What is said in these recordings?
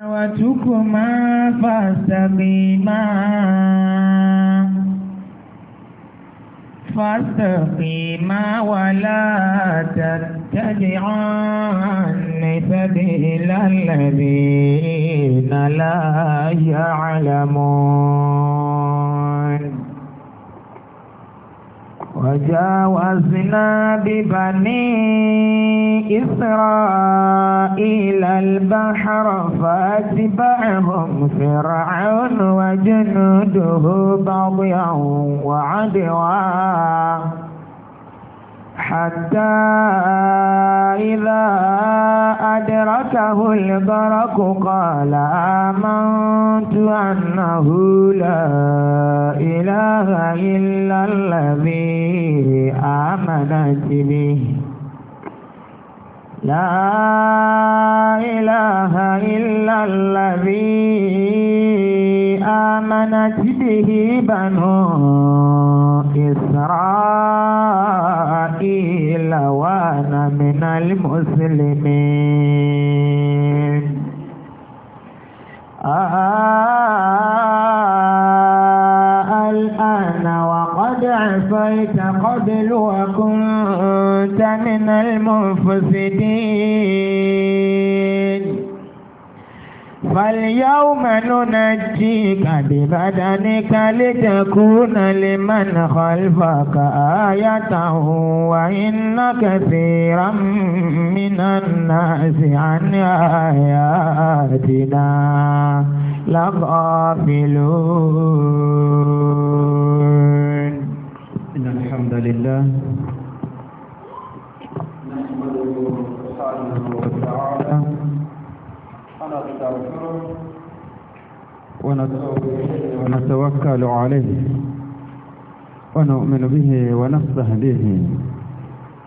دعوتكما فاستقيما فاستقيما ولا تتبعان سبيل الذين لا يعلمون وجاوزنا ببني إسرائيل البحر فاتبعهم فرعون وجنوده بغيا وعدوا حتى إذا أدركه البرق قال آمنت أنه لا إله إلا الذي آمنت به لا إله إلا الذي آمنت به بنو إسرائيل وأنا من المسلمين آه الآن وقد عصيت قبل وكنت من المفسدين فاليوم ننجيك ببدنك لتكون لمن خلفك آية وإن كثيرا من الناس عن آياتنا لغافلون إن الحمد لله نستغفره ونتوكل عليه ونؤمن به ونستهديه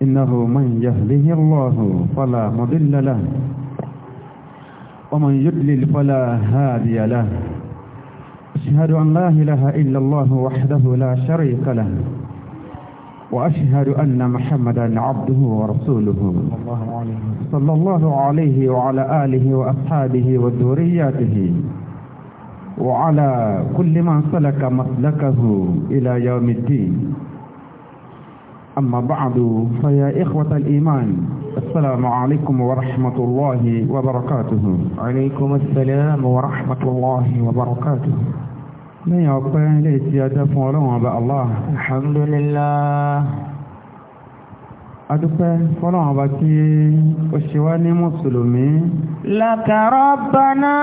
إنه من يهده الله فلا مضل له ومن يدلل فلا هادي له أشهد أن لا إله إلا الله وحده لا شريك له وأشهد أن محمدا عبده ورسوله صلى الله عليه وعلى آله وأصحابه وذرياته وعلى كل من سلك مسلكه إلى يوم الدين أما بعد فيا إخوة الإيمان السلام عليكم ورحمة الله وبركاته عليكم السلام ورحمة الله وبركاته lẹ́yìn ọpẹ́ ilé tí a dá fún ọlọ́run ọba Allah alhamdulillah adúpẹ́ fọ́lọ́run ọba tí ó ṣe wá ní mùsùlùmí laka rabbana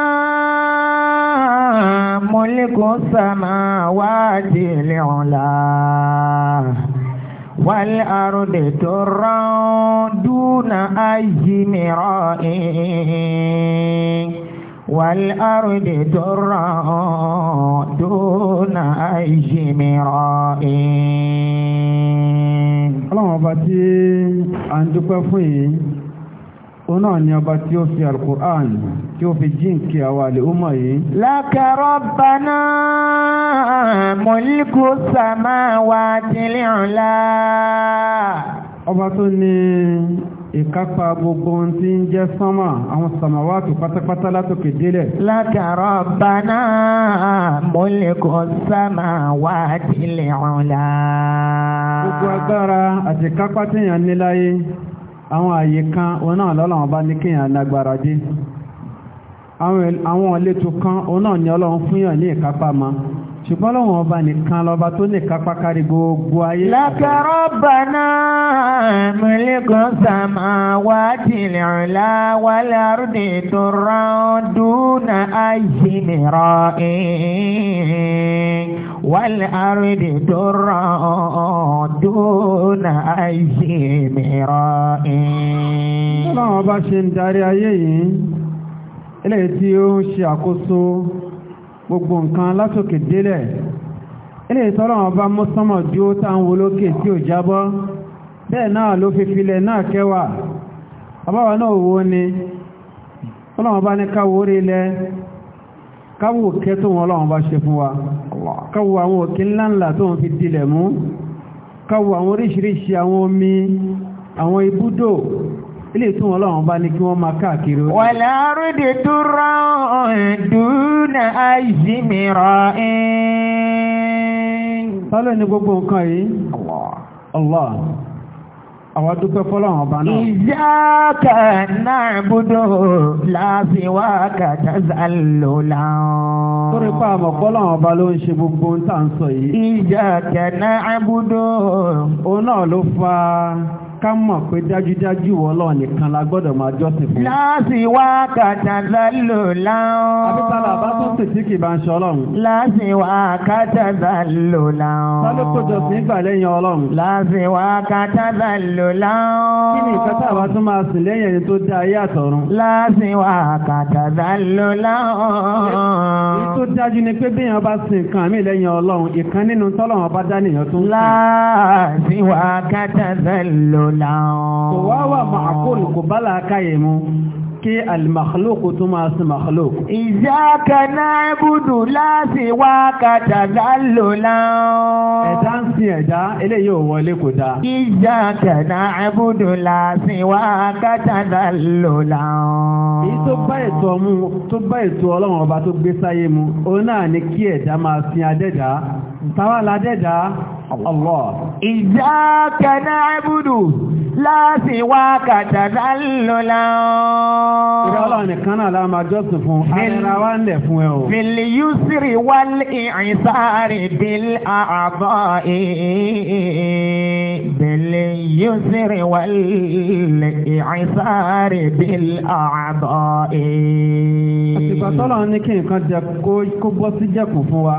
muliku samawati al-ula wal ardi turra duna ayyi mira'i والأرض درا دون أي ọlọ́run الله tí a ń dúpẹ́ fún yìí ó náà ni ọba tí ó fi alukur'an tí ó fi jíǹkì àwọn àlè ọmọ yìí. laka rabbana mulku samawati al-ula. ọba tó ní ìkápá gbogbo ohun tí ń jẹ́ sánmà àwọn tó pátápátá látòkè délẹ̀. látàrọ bana mọlẹkọ sàmàwátì lẹ́wọ̀nla. gbogbo agbára àti kápá téèyàn ní àwọn àyè kan òun náà bá ní kéèyàn lágbára àwọn kan òun náà ní ọlọ́run fún ṣùgbọ́n lọ́wọ́n ọba nìkan lọ́ba tó ní kápákárí gbogbo ayé. lákàrọ̀ bàná mílíkùn sàmà wá tìlẹ̀ ọ̀la wà lárúdì tó rán dúnà ayé mìíràn wà lárúdì tó rán dúnà ayé mìíràn. lọ́wọ́n ọba ṣe ń darí ayé yìí eléyìí tí ó ń ṣe àkóso. gbogbo nǹkan látòkè délẹ̀ ilé ìtọ́rọ̀ ọba mọ́sánmọ̀ bí ó tá ń lókè tí ò jábọ́ bẹ́ẹ̀ náà ló fi filẹ̀ náà kẹwà ọbáwà náà ni ọlọ́wọ́n bá ní káwò orí ilẹ̀ káwò òkè tó wọn ọlọ́wọ́n bá ṣe fún wa káwò àwọn òkè ńláńlá tó wọn fi dilẹ̀ mú káwò àwọn oríṣiríṣi àwọn omi àwọn ibùdó ilé tí wọn lọ́wọ́n bá ní kí wọ́n máa káàkiri ojú. wà láàárọ̀ de tó rán àìsí mìíràn ẹ́n. sálẹ̀ gbogbo nǹkan yìí. Allah àwọn dúpẹ́ fọ́lọ́wọ́n ọba náà. iyyaka na'budu la siwaka tazallula. torí pa àmọ̀ fọ́lọ́wọ́n ọba ló ń ṣe gbogbo ń tà ń sọ yìí. iyyaka na'budu. òun náà ló fa ká mọ̀ pé dájúdájú Ọlọ́run nìkan la gbọ́dọ̀ máa jọ́sìn fún. láàsì wá kàtàlá lò láwọn. àbíkálà bá tún sì tí kì bá ń ṣọlọ́run. láàsì wá kàtàlá lò láwọn. sálẹ́ kójọ sí ìgbà lẹ́yìn Ọlọ́run. láàsì wá kàtàlá lò láwọn. kí ni ìfẹ́ tá tún máa sìn lẹ́yìn ẹni tó dá ayé àtọ̀run. láàsì wá kàtàlá lò láwọn. èyí tó dájú ni pé bí láàrùn. kò wá tó máa sí màkàlókò. ìjáka náà ibùdó láti wá kàtàkà lò láàrùn. ẹ̀dá ń sin ẹ̀dá eléyìí ò wọlé kò dáa. ìjáka náà ibùdó láti wá kàtàkà lò láàrùn. èyí tó bá ètò ọlọ́run ọba tó gbé sáyé mu òun náà ni kí ẹ̀dá máa sin adẹ́dá Allah. Iyyaka na'budu láti wá kàtàdá lọ́la. Ìrẹ́ ọlọ́run nìkan náà láàmà jọ́sìn fún ara wá ń lẹ̀ fún ẹ o. Bil yusri wal i'sari bil a'dha'i. Bil yusri wal i'sari bil a'dha'i. Àtìgbà tọ́lọ́run ní kí nǹkan jẹ kó bọ́ sí jẹ̀kùn fún wa.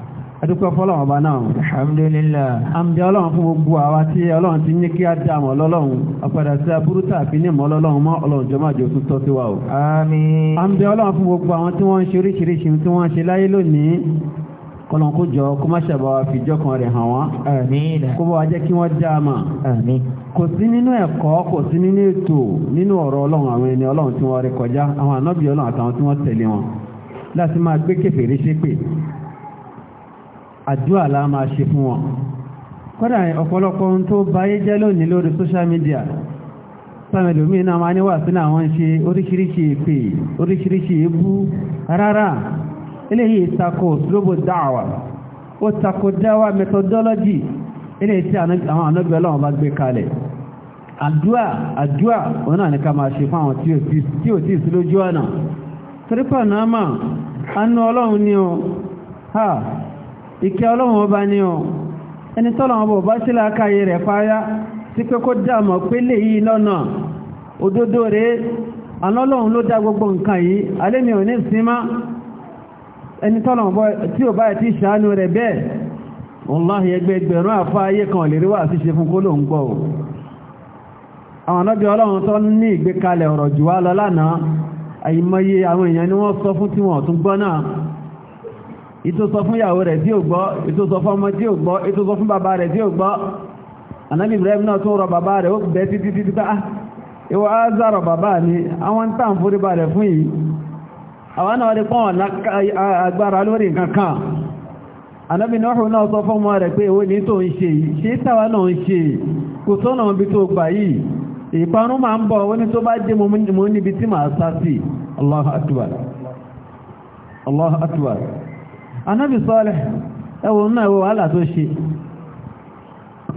adúpẹ́ fọ́lọ́wọ́n bá náà. alhamdulillah. àmì ọlọ́run fún gbogbo àwa tí ọlọ́run ti ní kí á dá àmọ́ lọ́lọ́run ọ̀padà sí aburú tàbí ní ìmọ̀ lọ́lọ́run mọ́ ọlọ́run jọ máa jò tún tọ́ sí wa o. àmín. àmì ọlọ́run fún gbogbo àwọn tí wọ́n ń ṣe oríṣiríṣi tí wọ́n ń ṣe láyé lónìí kọlọ́n kó jọ kó má ṣàbà wa fìjọ kan rẹ̀ hàn wọ́n. àmín. kó bá wa jẹ́ kí wọ́n dá a mà. àmín. kò sí nínú ẹ̀kọ́ kò sí nínú ètò nínú ọ̀rọ̀ ọlọ́run àwọn ẹni ọlọ́run tí wọ́n rékọjá àwọn ànábì ọlọ́run àtàwọn tí wọ́n tẹ̀lé wọn láti máa gbé kèfèrí ṣépè àdúrà la máa ṣe fún wọn kọ́dà ọ̀pọ̀lọpọ̀ ohun tó báyé jẹ́ lónìí lórí social media sáàmì lómi náà máa níwà sínú àwọn ṣe oríṣiríṣi ìpè oríṣiríṣi ìbú rárá eléyìí tako slobo dáwà ó tako dáwà methodology eléyìí tí àwọn ànábì Ọlọ́run bá gbé kalẹ̀ àdúà àdúà òun náà ní ká máa ṣe fáwọn tí ò tí sí lójú ọ̀nà trípà náà mà á nú Ọlọ́run ní o ha ìkẹ́ ọlọ́run ọba ní ọ ẹni tọ́lọ́run ọba ọba sílẹ̀ akáyé rẹ̀ fáyá sí pé kó dáàmọ̀ pé lè yí lọ́nà òdodo rẹ̀ anọ́lọ́run ló dá gbogbo nǹkan yìí alẹ́mi ò ní símá ẹni tọ́lọ́run ọba tí ò báyìí ti ṣàánú rẹ̀ bẹ́ẹ̀ ìtò sọ fún ìyàwó rẹ̀ tí ò gbọ́ ìtò sọ fún ọmọ tí ò gbọ́ ìtò sọ fún bàbá rẹ̀ tí gbọ́ anábì Ibrahim náà tún rọ bàbá azarọ ah, bàbá ni àwọn fún yìí àwọn náà rí pọ́n agbára lórí anábì náà ọmọ rẹ̀ pé èwo ní tó ń ṣe ṣe táwa náà ń ṣe kò sọ́nà ibi tó gbà yìí ìparun máa ń bọ̀ ní anábì sọ́ọ̀lẹ̀ ẹwọ̀n náà ẹwọ̀ wàhálà tó ṣe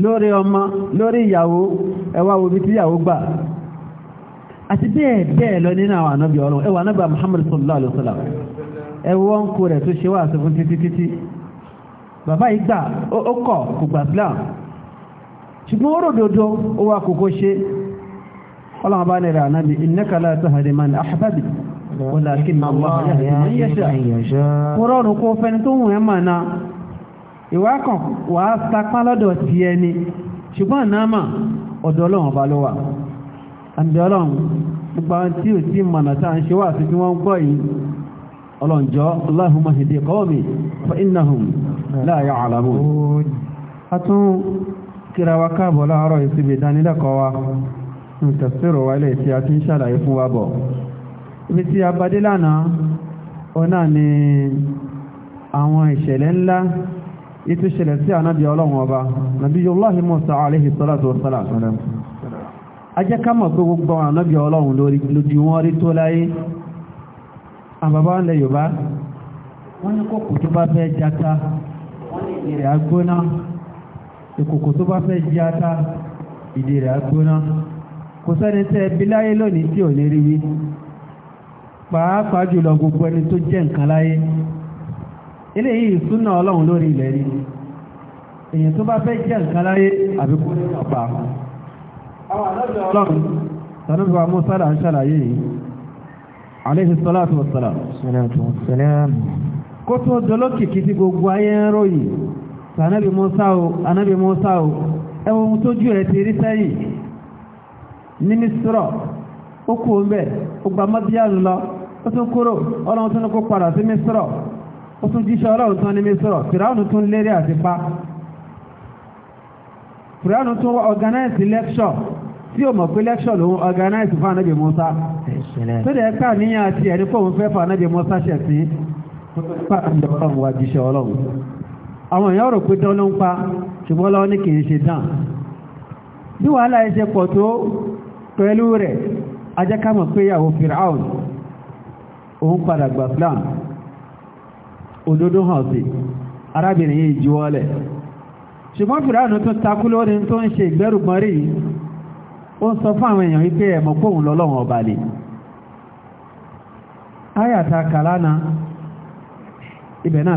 lórí ọmọ lórí ìyàwó ẹwà wo bí tí ìyàwó gbà àti bẹ́ẹ̀ bẹ́ẹ̀ lọ nínú àwọn anábì ọlọ́run ẹwà anábì Muhammad sallallahu alaihi wasallam ẹwọ́n kò rẹ̀ tó ṣe wà sí fún títí títí bàbá ìgbà ó kọ̀ kò gbà Islam ṣùgbọ́n ó ròdòdó ó wà kòkó ṣe ọlọ́run bá nẹ̀rẹ̀ anábì innaka la tahdi man ahbabta ولكن الله يهدي من يشاء قرار kò fẹ́ni tó wù ẹ́ mọ̀nà ìwà kan wàá sapá lọ́dọ̀ ti ẹni ṣùgbọ́n náàmà ọ̀dọ̀ ọlọ́run ọba ló wà àǹdẹ̀ ọlọ́run gbogbo àwọn tí ò tí mọ̀nà tá à ń ṣe wà sí tí jọ Allahumma hidi qawmi fa innahum la ya'lamun. a tún kíra káàbọ̀ láàárọ̀ ìsibí ìdánilẹ́kọ̀ọ́ wa ń tẹ̀síro tí a ti ń ṣàlàyé fún wa bọ̀. ibi tí lánàá ọ̀nà ni àwọn ìṣẹ̀lẹ̀ ńlá ètò ìṣẹ̀lẹ̀ sí ọlọ́run ọba nàbíyullahi Musa alayhi salatu wa gbogbo tó bá fẹ́ jata wọ́n ìdí rẹ̀ agbóná jata kò sẹ́ni tẹ́ bí láyé lónìí tí ò pàápàá jùlọ gbogbo ẹni tó jẹ́ nǹkan láyé eléyìí súnà ọlọ́run lórí ilẹ̀ ni èyàn tó bá fẹ́ jẹ́ nǹkan láyé àbí kó ní ọ̀pá àwọn àlọ́jọ ọlọ́run sanúfà mọ́sálà ń ṣàlàyé yìí alayhi salatu wassalam kó tó dolókìkí tí gbogbo ayé ń ròyìn sànábì Mùsá o anábì Mùsá o ẹwọ́n tó jù rẹ̀ ti rí sẹ́yìn ní mísírọ̀ ó kú ń bẹ̀ lọ otu tún kúrò ọlọ́run tún ní kó padà sí mísírọ̀ ó tún jíṣẹ́ ọlọ́run tún ní mísírọ̀ fìràánù tún pa tí o mọ̀ pé lòun organize fún anábì Musa tó dẹ̀ ká àti fẹ́ fún anábì Musa ṣẹ̀ sí jíṣẹ́ ọlọ́run àwọn èèyàn rò pé dán ló ń pa ṣùgbọ́n lọ́wọ́ ní kì í ṣe dán bí wàhálà ṣe pọ̀ tó pẹ̀lú rẹ̀ ajẹ́ ká mọ̀ pé ìyàwó Fir'aun òun padà gbà Islam òdodo hàn sí arábìnrin yìí juwọ́lẹ̀ ṣùgbọ́n Fir'aun tó takú lórí tó ń ṣe ìgbẹ́rùgbọ́n rí ó sọ fún àwọn èèyàn wípé ẹ̀mọ̀ póhùn lọ́lọ́wọ̀n ọba lè kàlánà ibẹ̀ náà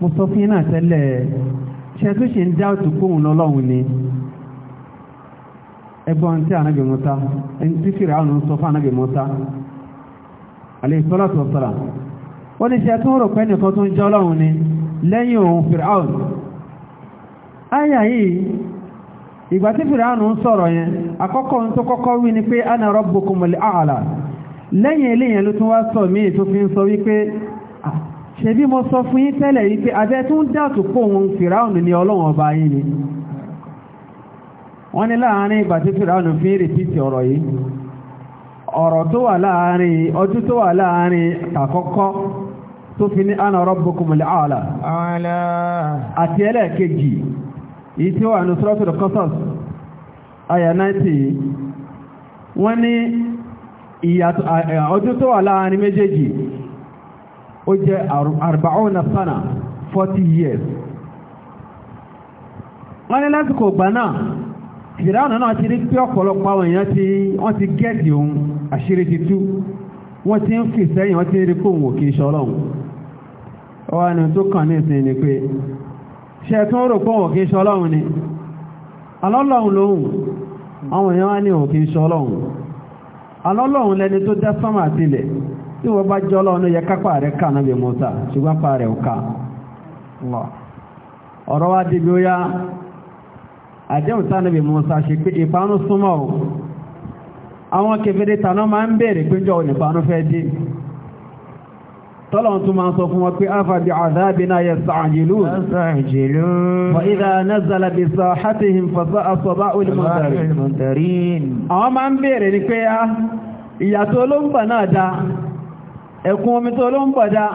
mo sọ fún yín náà tẹ́lẹ̀ ṣe tó ṣe ń dá òtù kóhùn ni ẹgbọ́n tí ànábì Mùsá ẹni tí fìrà àwọn ń sọ fún ànábì Mùsá alayhi salatu wassalam wọ́n ní ṣe tó rò tó ni lẹ́yìn òun fìrà ayà yìí ìgbà tí fìrà ń sọ̀rọ̀ yẹn ohun tó kọ́kọ́ wí ni pé ana rabbukumul a'la lẹ́yìn eléyìn ló tún wá sọ tó fi ah, ṣebí mo sọ fún yín tẹ́lẹ̀ yìí pé abẹ́ tún dàtò pòun fìráùnù ní ọlọ́wọ̀n ọba yìí ni wọ́n ní láàárín ìgbà tí fìráùnù fi rìpítì ọ̀rọ̀ yìí ọ̀rọ̀ tó wà láàárín ọdún tó wà láàárín tàkọ́kọ́ tó fi ní ana rabbukumul aala àti ẹlẹ́ẹ̀kejì èyí tí ó wà ní suratul Qasas aya 90 wọ́n ní ọdún tó wà láàárín méjèèjì ó jẹ́ àrùbáọ́nà sánà 40 years wọ́n ní lásìkò ìgbà náà fìdáwọn náà ti rí pé ọ̀pọ̀lọpọ̀ àwọn èèyàn tí wọ́n ti gẹ́ẹ̀dì ohun àṣírí ti tú ti ń fi sẹ́yìn wọ́n ti rí pòun òkè ṣọlọ́hun ọwọ́ ẹni tó kàn ní ìsìn ni pé ṣe tún rò ni alọ́lọ́hun lóhun àwọn èèyàn wá ní òkè ṣọlọ́hun alọ́lọ́hun lẹni tó dá sánmà tí wọ́n bá jọ lọ́nà yẹ kápá rẹ̀ ká náà bí Mùsá ṣùgbọ́n pa rẹ̀ ká ọ̀rọ̀ wá dìbí ó yá náà bí ṣe pé ìbánú súnmọ́ o àwọn kẹfẹ́dé tàná máa ń bèèrè péjọ ìbánú fẹ́ dé tọ́lọ̀n tún máa sọ fún wọn pé afàbí àzábìnà yẹ sàájìlú ìdá nẹ́zàlá bí ìyàtọ̀ olóńgbà náà dáa ẹkùn omi tó ló ń bọ̀ dá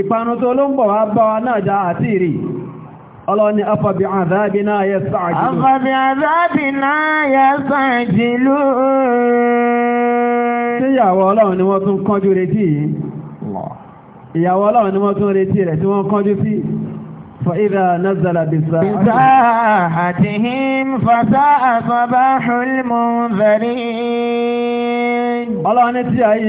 ìpanu tó ló ń bọ̀ wá bá wa náà dá àti ìrì ọlọ́ni afọ̀bí àzábìná yẹ yẹ sáàjìlú tí ìyàwó ọlọ́run ni wọ́n tún kánjú retí ni wọ́n tún retí rẹ̀ tí wọ́n kánjú sí فإذا نزل بساحتهم فساء صباح المنذرين ọlọ́run ní tí ayé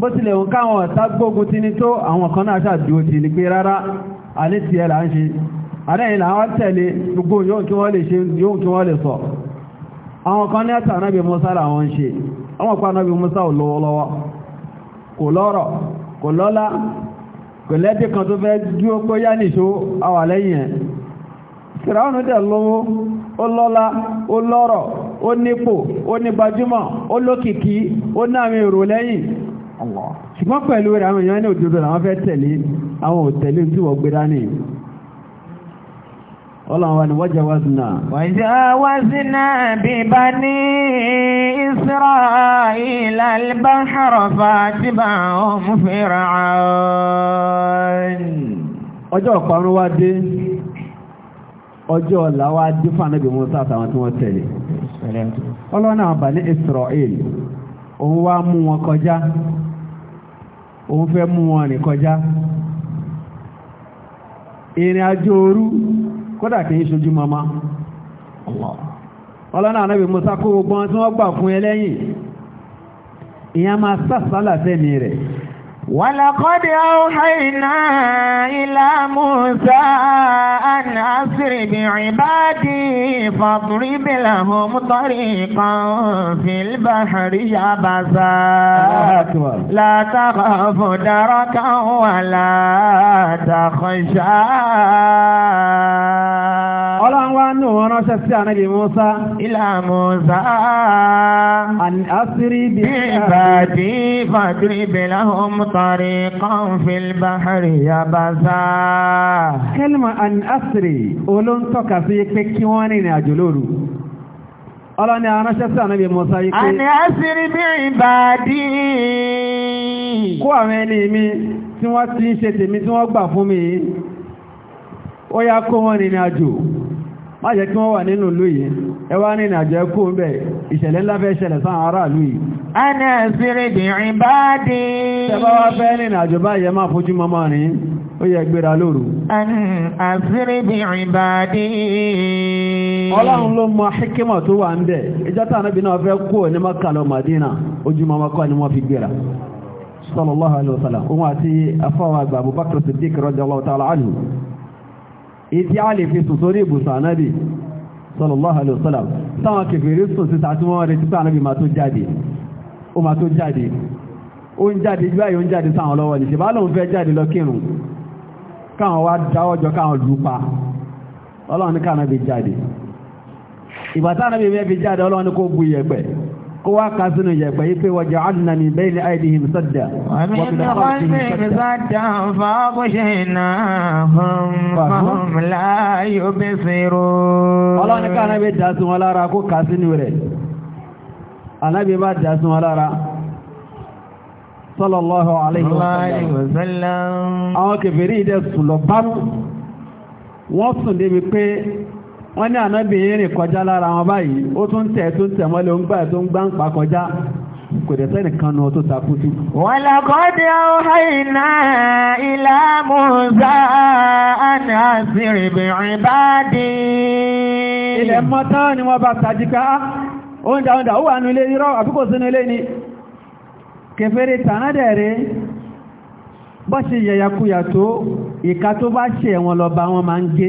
bó tilẹ̀ wọ́n káwọn ọ̀tá gbógun ti ní tó àwọn kan náà ṣàdúró ti ní pé rárá alẹ́ ti ẹ̀ là ń ṣe àdẹ́yìn là wọ́n tẹ̀lé gbogbo yóò kí wọ́n lè ṣe yóò kí wọ́n lè sọ àwọn kan ní àtà náàbì Musa làwọn ṣe àwọn pa náàbì Musa ò kò lọ́rọ̀ ṣùgbọ́n pẹ̀lú rẹ̀ àwọn èèyàn ní òdodo làwọn fẹ́ tẹ̀lé àwọn òtẹ̀lé tí wọ́n gbé ni wọ́n Wazina. wọ́jẹ́ wázínà bí bá ní Isra'il al-bahra fatibahum Fir'aun òun òun fẹ́ mú wọn rìn kọjá ìrìn àjò òru kódà kì í ṣojú mama ọlọ́nà ànábì Musa kó gbogbo tí wọ́n gbà fún ẹlẹ́yìn ìyẹn máa sàsálà rẹ̀ ولقد أوحينا إلى موسى أن أسر بعبادي فاضرب لهم طريقا في البحر يبسا لا تخاف دركا ولا تخشى nù wọn ránṣẹ́ sí ànábì Mùsá. Ilá Mùsá. Àṣírí bí ìbàdí fàdúrí bẹ̀lá ọmọtàrí kan fìlbà hàrí yabasa. Kẹ́lìmà àn àṣírí olóńtọ́ka sí pé kí wọ́n rìnrìn àjò lóru. Ọlọ́ni aránṣẹ́ sí ànábì Mùsá yí pé. Àní àṣírí bí ìbàdí. Ó yá kó wọn rìnrìn àjò má jẹ́ kí wọ́n wà nínú ìlú yìí ẹ ní ìrìnàjò kó ń bẹ̀ ìṣẹ̀lẹ̀ ńlá fẹ́ ṣẹlẹ̀ sáwọn ará ìlú yìí a ní ẹ̀sìrì dìrín bá dì í ṣẹba wá fẹ́ ní ìrìnàjò báyẹ máa fojú mọ́mọ́ rìn ó yẹ gbéra sallallahu alaihi wasallam òun àti afọ́wà àgbà Abubakar Siddiq radiyallahu ta'ala ìtí a lè fi sùn sórí ìbùsùn ànábì sallallahu alaihi wasallam sáwọn kèfèrè sùn sí sàtí wọ́n rẹ̀ títà ànábì ma tó jáde ó ma tó jáde ó ń jáde báyìí ó ń jáde sáwọn lọ́wọ́ ní ṣèbá lóun fẹ́ jáde lọ kírun káwọn wá dáwọ́jọ káwọn lù pa ọlọ́run ní káwọn jáde ìgbà táwọn jáde ọlọ́run ní kó bu iyẹ̀pẹ̀ kó wá ká sínú ìyẹ̀pẹ̀ yí pé wọ́jọ́ àdínà ní bẹ́ẹ̀lì àìdíhìm sọ́dà Anábi bá dá sí wọn lára, sallallahu alaihi wasallam. Àwọn kèfèrí ìdẹ́ sùn lọ bá mú, wọ́n sùn débi pé wọ́n ní ànábìnrin rìn kọjá lára wọn báyìí ó tún tẹ̀ tó tẹ̀ mọ́lẹ̀ ó ń gbà tó ń gbá ń pa kọjá kò dẹ̀ sẹ́nì kan náà tó takú sí. wọ́n lákọ́dẹ̀ ọ̀hìnà ilá Mùsá àti àṣírìbìnrin bá dì ilẹ̀ mọ́tá ni wọ́n bá tàjíká oúnjẹ oúnjẹ ó wà ní ilé irọ́ àbúkò sínú ilé ni kẹfẹ́rẹ́ tànádẹ̀ẹ́rẹ́ bọ́ ṣe yẹ̀yàkuyà tó ìka tó bá ṣe ẹ̀wọ̀n lọ bá wọn máa ń gé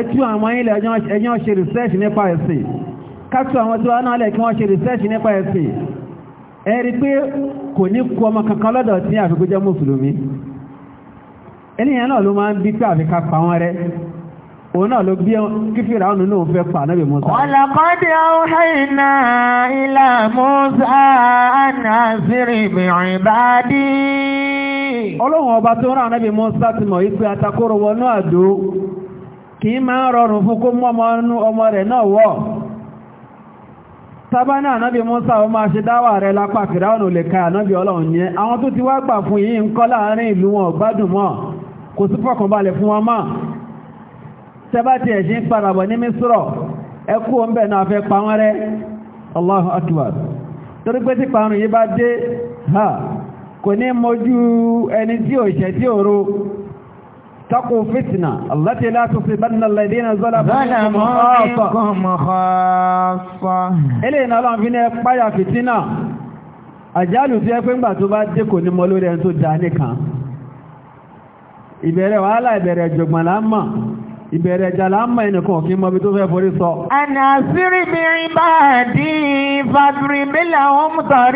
ẹtú àwọn ilẹ̀ ẹjọ́ ṣe rìsẹ́ẹ̀ṣì nípa ẹ̀sìn kátù àwọn tí wọ́n náà lẹ̀ kí wọ́n ṣe rìsẹ́ẹ̀ṣì nípa ẹ̀sìn ẹ rí pé kò ní kú ọmọ kankan lọ́dọ̀ tí àfikú jẹ́ mùsùlùmí ènìyàn náà ló máa ń bí pé àfikà pa wọ́n rẹ́ òun náà ló bí kífìrà ọ̀nà náà fẹ́ pa náà bí Musa. ọ̀làkọ́dé ọ̀hẹ́nà ilà Musa ànàzírí bìrìn bá ọba tó rán náà bí Musa ti mọ̀ yí pé wọnú àdó kì ma ń rọrùn fún kó mọ́ ọmọ rẹ̀ náà wọ́ sábánà ànábì Mùsá o máa ṣe dáwà rẹ̀ lápá fìráùnù lè ka ànábì ọlọ́run yẹn àwọn tó ti wá gbà fún yìí ń kọ́ láàrin ìlú wọn gbádùn mọ́ kò sí fún wọn ń padàbọ̀ ní ẹkú oúnbẹ̀ náà fẹ́ تقوا فتنة التي لا تصيبن الذين ظلموا منكم خاصة إلينا الله فينا يقبايا فتنة àjálù tí ẹ pé ńgbà tó bá dé kò ní mọ lórí ẹni tó dá nìkan ìbẹ̀rẹ̀ wàhálà ìbẹ̀rẹ̀ jọ̀gbọ̀n lámọ̀ ìbẹ̀rẹ̀ ẹja là ń mọ ẹnìkan kí n tó fẹ́ forí sọ. àná sírìbìrin bá dì í fàtúrì bílà wọn kan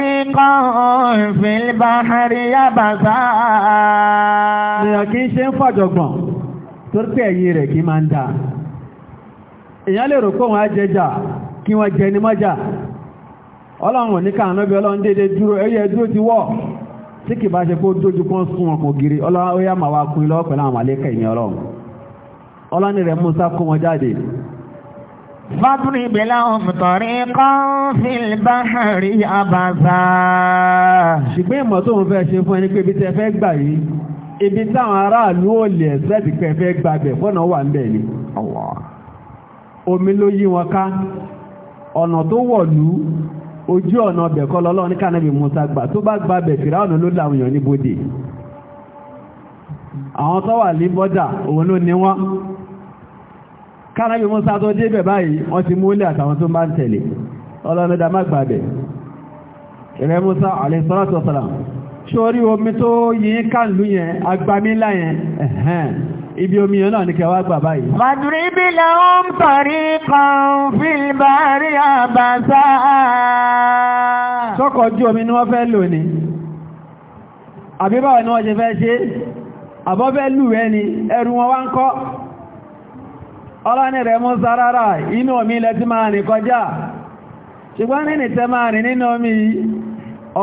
ń fàjọgbọ̀n torí ẹ̀yìn rẹ̀ ń dà. èèyàn lè rò pé á kí wọ́n jẹ ní mọ́jà. ọlọ́run ní bí ọlọ́run dúró ẹyẹ dúró ti wọ̀ tí kì bá ṣe kó dójú kan sún ọkùnrin ọlọ́run ó yá màá ọlọ́ni rẹ̀ Musa kó wọn jáde fọ́bùnrin ìbílá òmùtọ̀rí kan fi báhàrí àbáza ṣùgbọ́n ìmọ̀ tó ń fẹ́ ṣe fún ẹni pé ibi tẹ́ fẹ́ gbà yìí ibi táwọn aráàlú ò lè ẹ̀sẹ́dì pẹ́ fẹ́ gbà bẹ̀ fọ́nà wà ń bẹ̀ ni omi ló yí wọn ká ọ̀nà tó wọ̀lú ojú ọ̀nà ọbẹ̀ kọ́ lọ́lọ́ ní kánàbì Musa gbà tó bá gba bẹ̀ fìrá ló láwọn èèyàn ní bóde àwọn tó wà ní bọ́dà òun ló ní wọ́n kárábí musa tó dé bẹ̀ báyìí wọ́n ti múlẹ̀ àtàwọn tó bá ń tẹ̀lé ọlọ́nàdà má gbàgbẹ̀ ẹ̀rẹ́ musa alayhisalatu wasalam sórí omi tó yìí kàlù yẹn agbamílà yẹn ẹ̀hẹ́n ibi omi yẹn náà ní kẹwàá gbà báyìí. madribi lahum tariqan fil bahri abasa. sọ́kọ̀ ojú omi ni wọ́n fẹ́ lò ní àbíbáwọ̀ ni wọ́n ọlọ́ni rẹ̀ mú sárára inú omi ilẹ̀ tí máa rìn kọjá ṣùgbọ́n nínú tẹ máa rìn nínú omi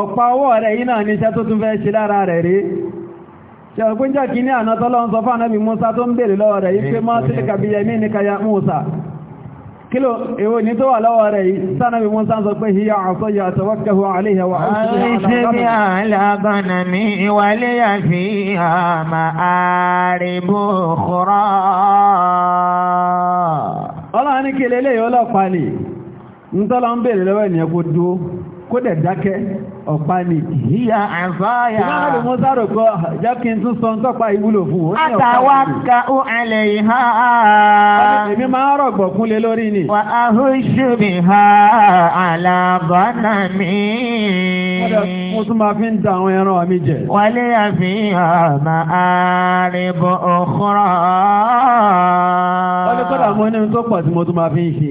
ọ̀pá ọwọ́ rẹ̀ iná níṣẹ́ tó tún fẹ́ ṣe lára rẹ̀ rí ṣe ọ̀gbínjọ́ kí ní ànátọ́lọ́ kílò èwo ní tó wà lọ́wọ́ rẹ̀ yìí sánàbí mú sánsọ pé híyà àṣọ́yà àtọwọ́kẹ̀wọ́ àléhẹ̀ wà áṣìṣẹ́bí alábànà mi wàlé àfi àmà kó dẹ̀ dákẹ́ ọ̀pá ni. ìyá àfáàyà. ìyá àlè mo sáré kọ jẹ́ kí n tún sọ tọ́pa ìwúlò fún o. àtàwà ka ó àlẹ́ ìhá. èmi máa ń rọ̀gbọ̀ kúnlé lórí ni. wà á hó ṣùbì ha àlàbọ̀nà mi. mo tún máa fi ń da àwọn ẹran mi jẹ. wálé àfihàn máa rí bọ̀ ọ̀kúrọ̀. wọ́n ní kọ́dà mo ní tó pọ̀ tí mo tún máa fi ń ṣe.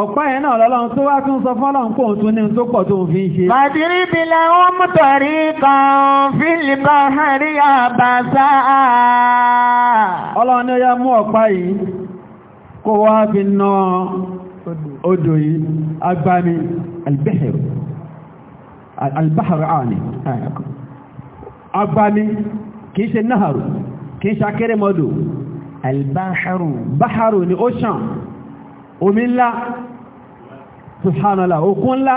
ọ̀pá ẹ̀ náà lọ́lọ́run tó wá tún sọ fọ́lọ́run kò tún ní tó pọ̀ tó ń fi ń ṣe. bàtírí bí lẹ́wọ́n mú tọ̀rí kan fílìpọ̀ hàrí àbàṣá. ọlọ́run ni ó yá mú ọ̀pá yìí kó wá fi ná odò yìí agbami albẹ́hẹ̀rù albáhàrù àní agbami kìí ṣe náhàrù kìí ṣe akérèmọdò albáhàrù báhàrù ni ocean omi ńlá subhanallah òkun ńlá.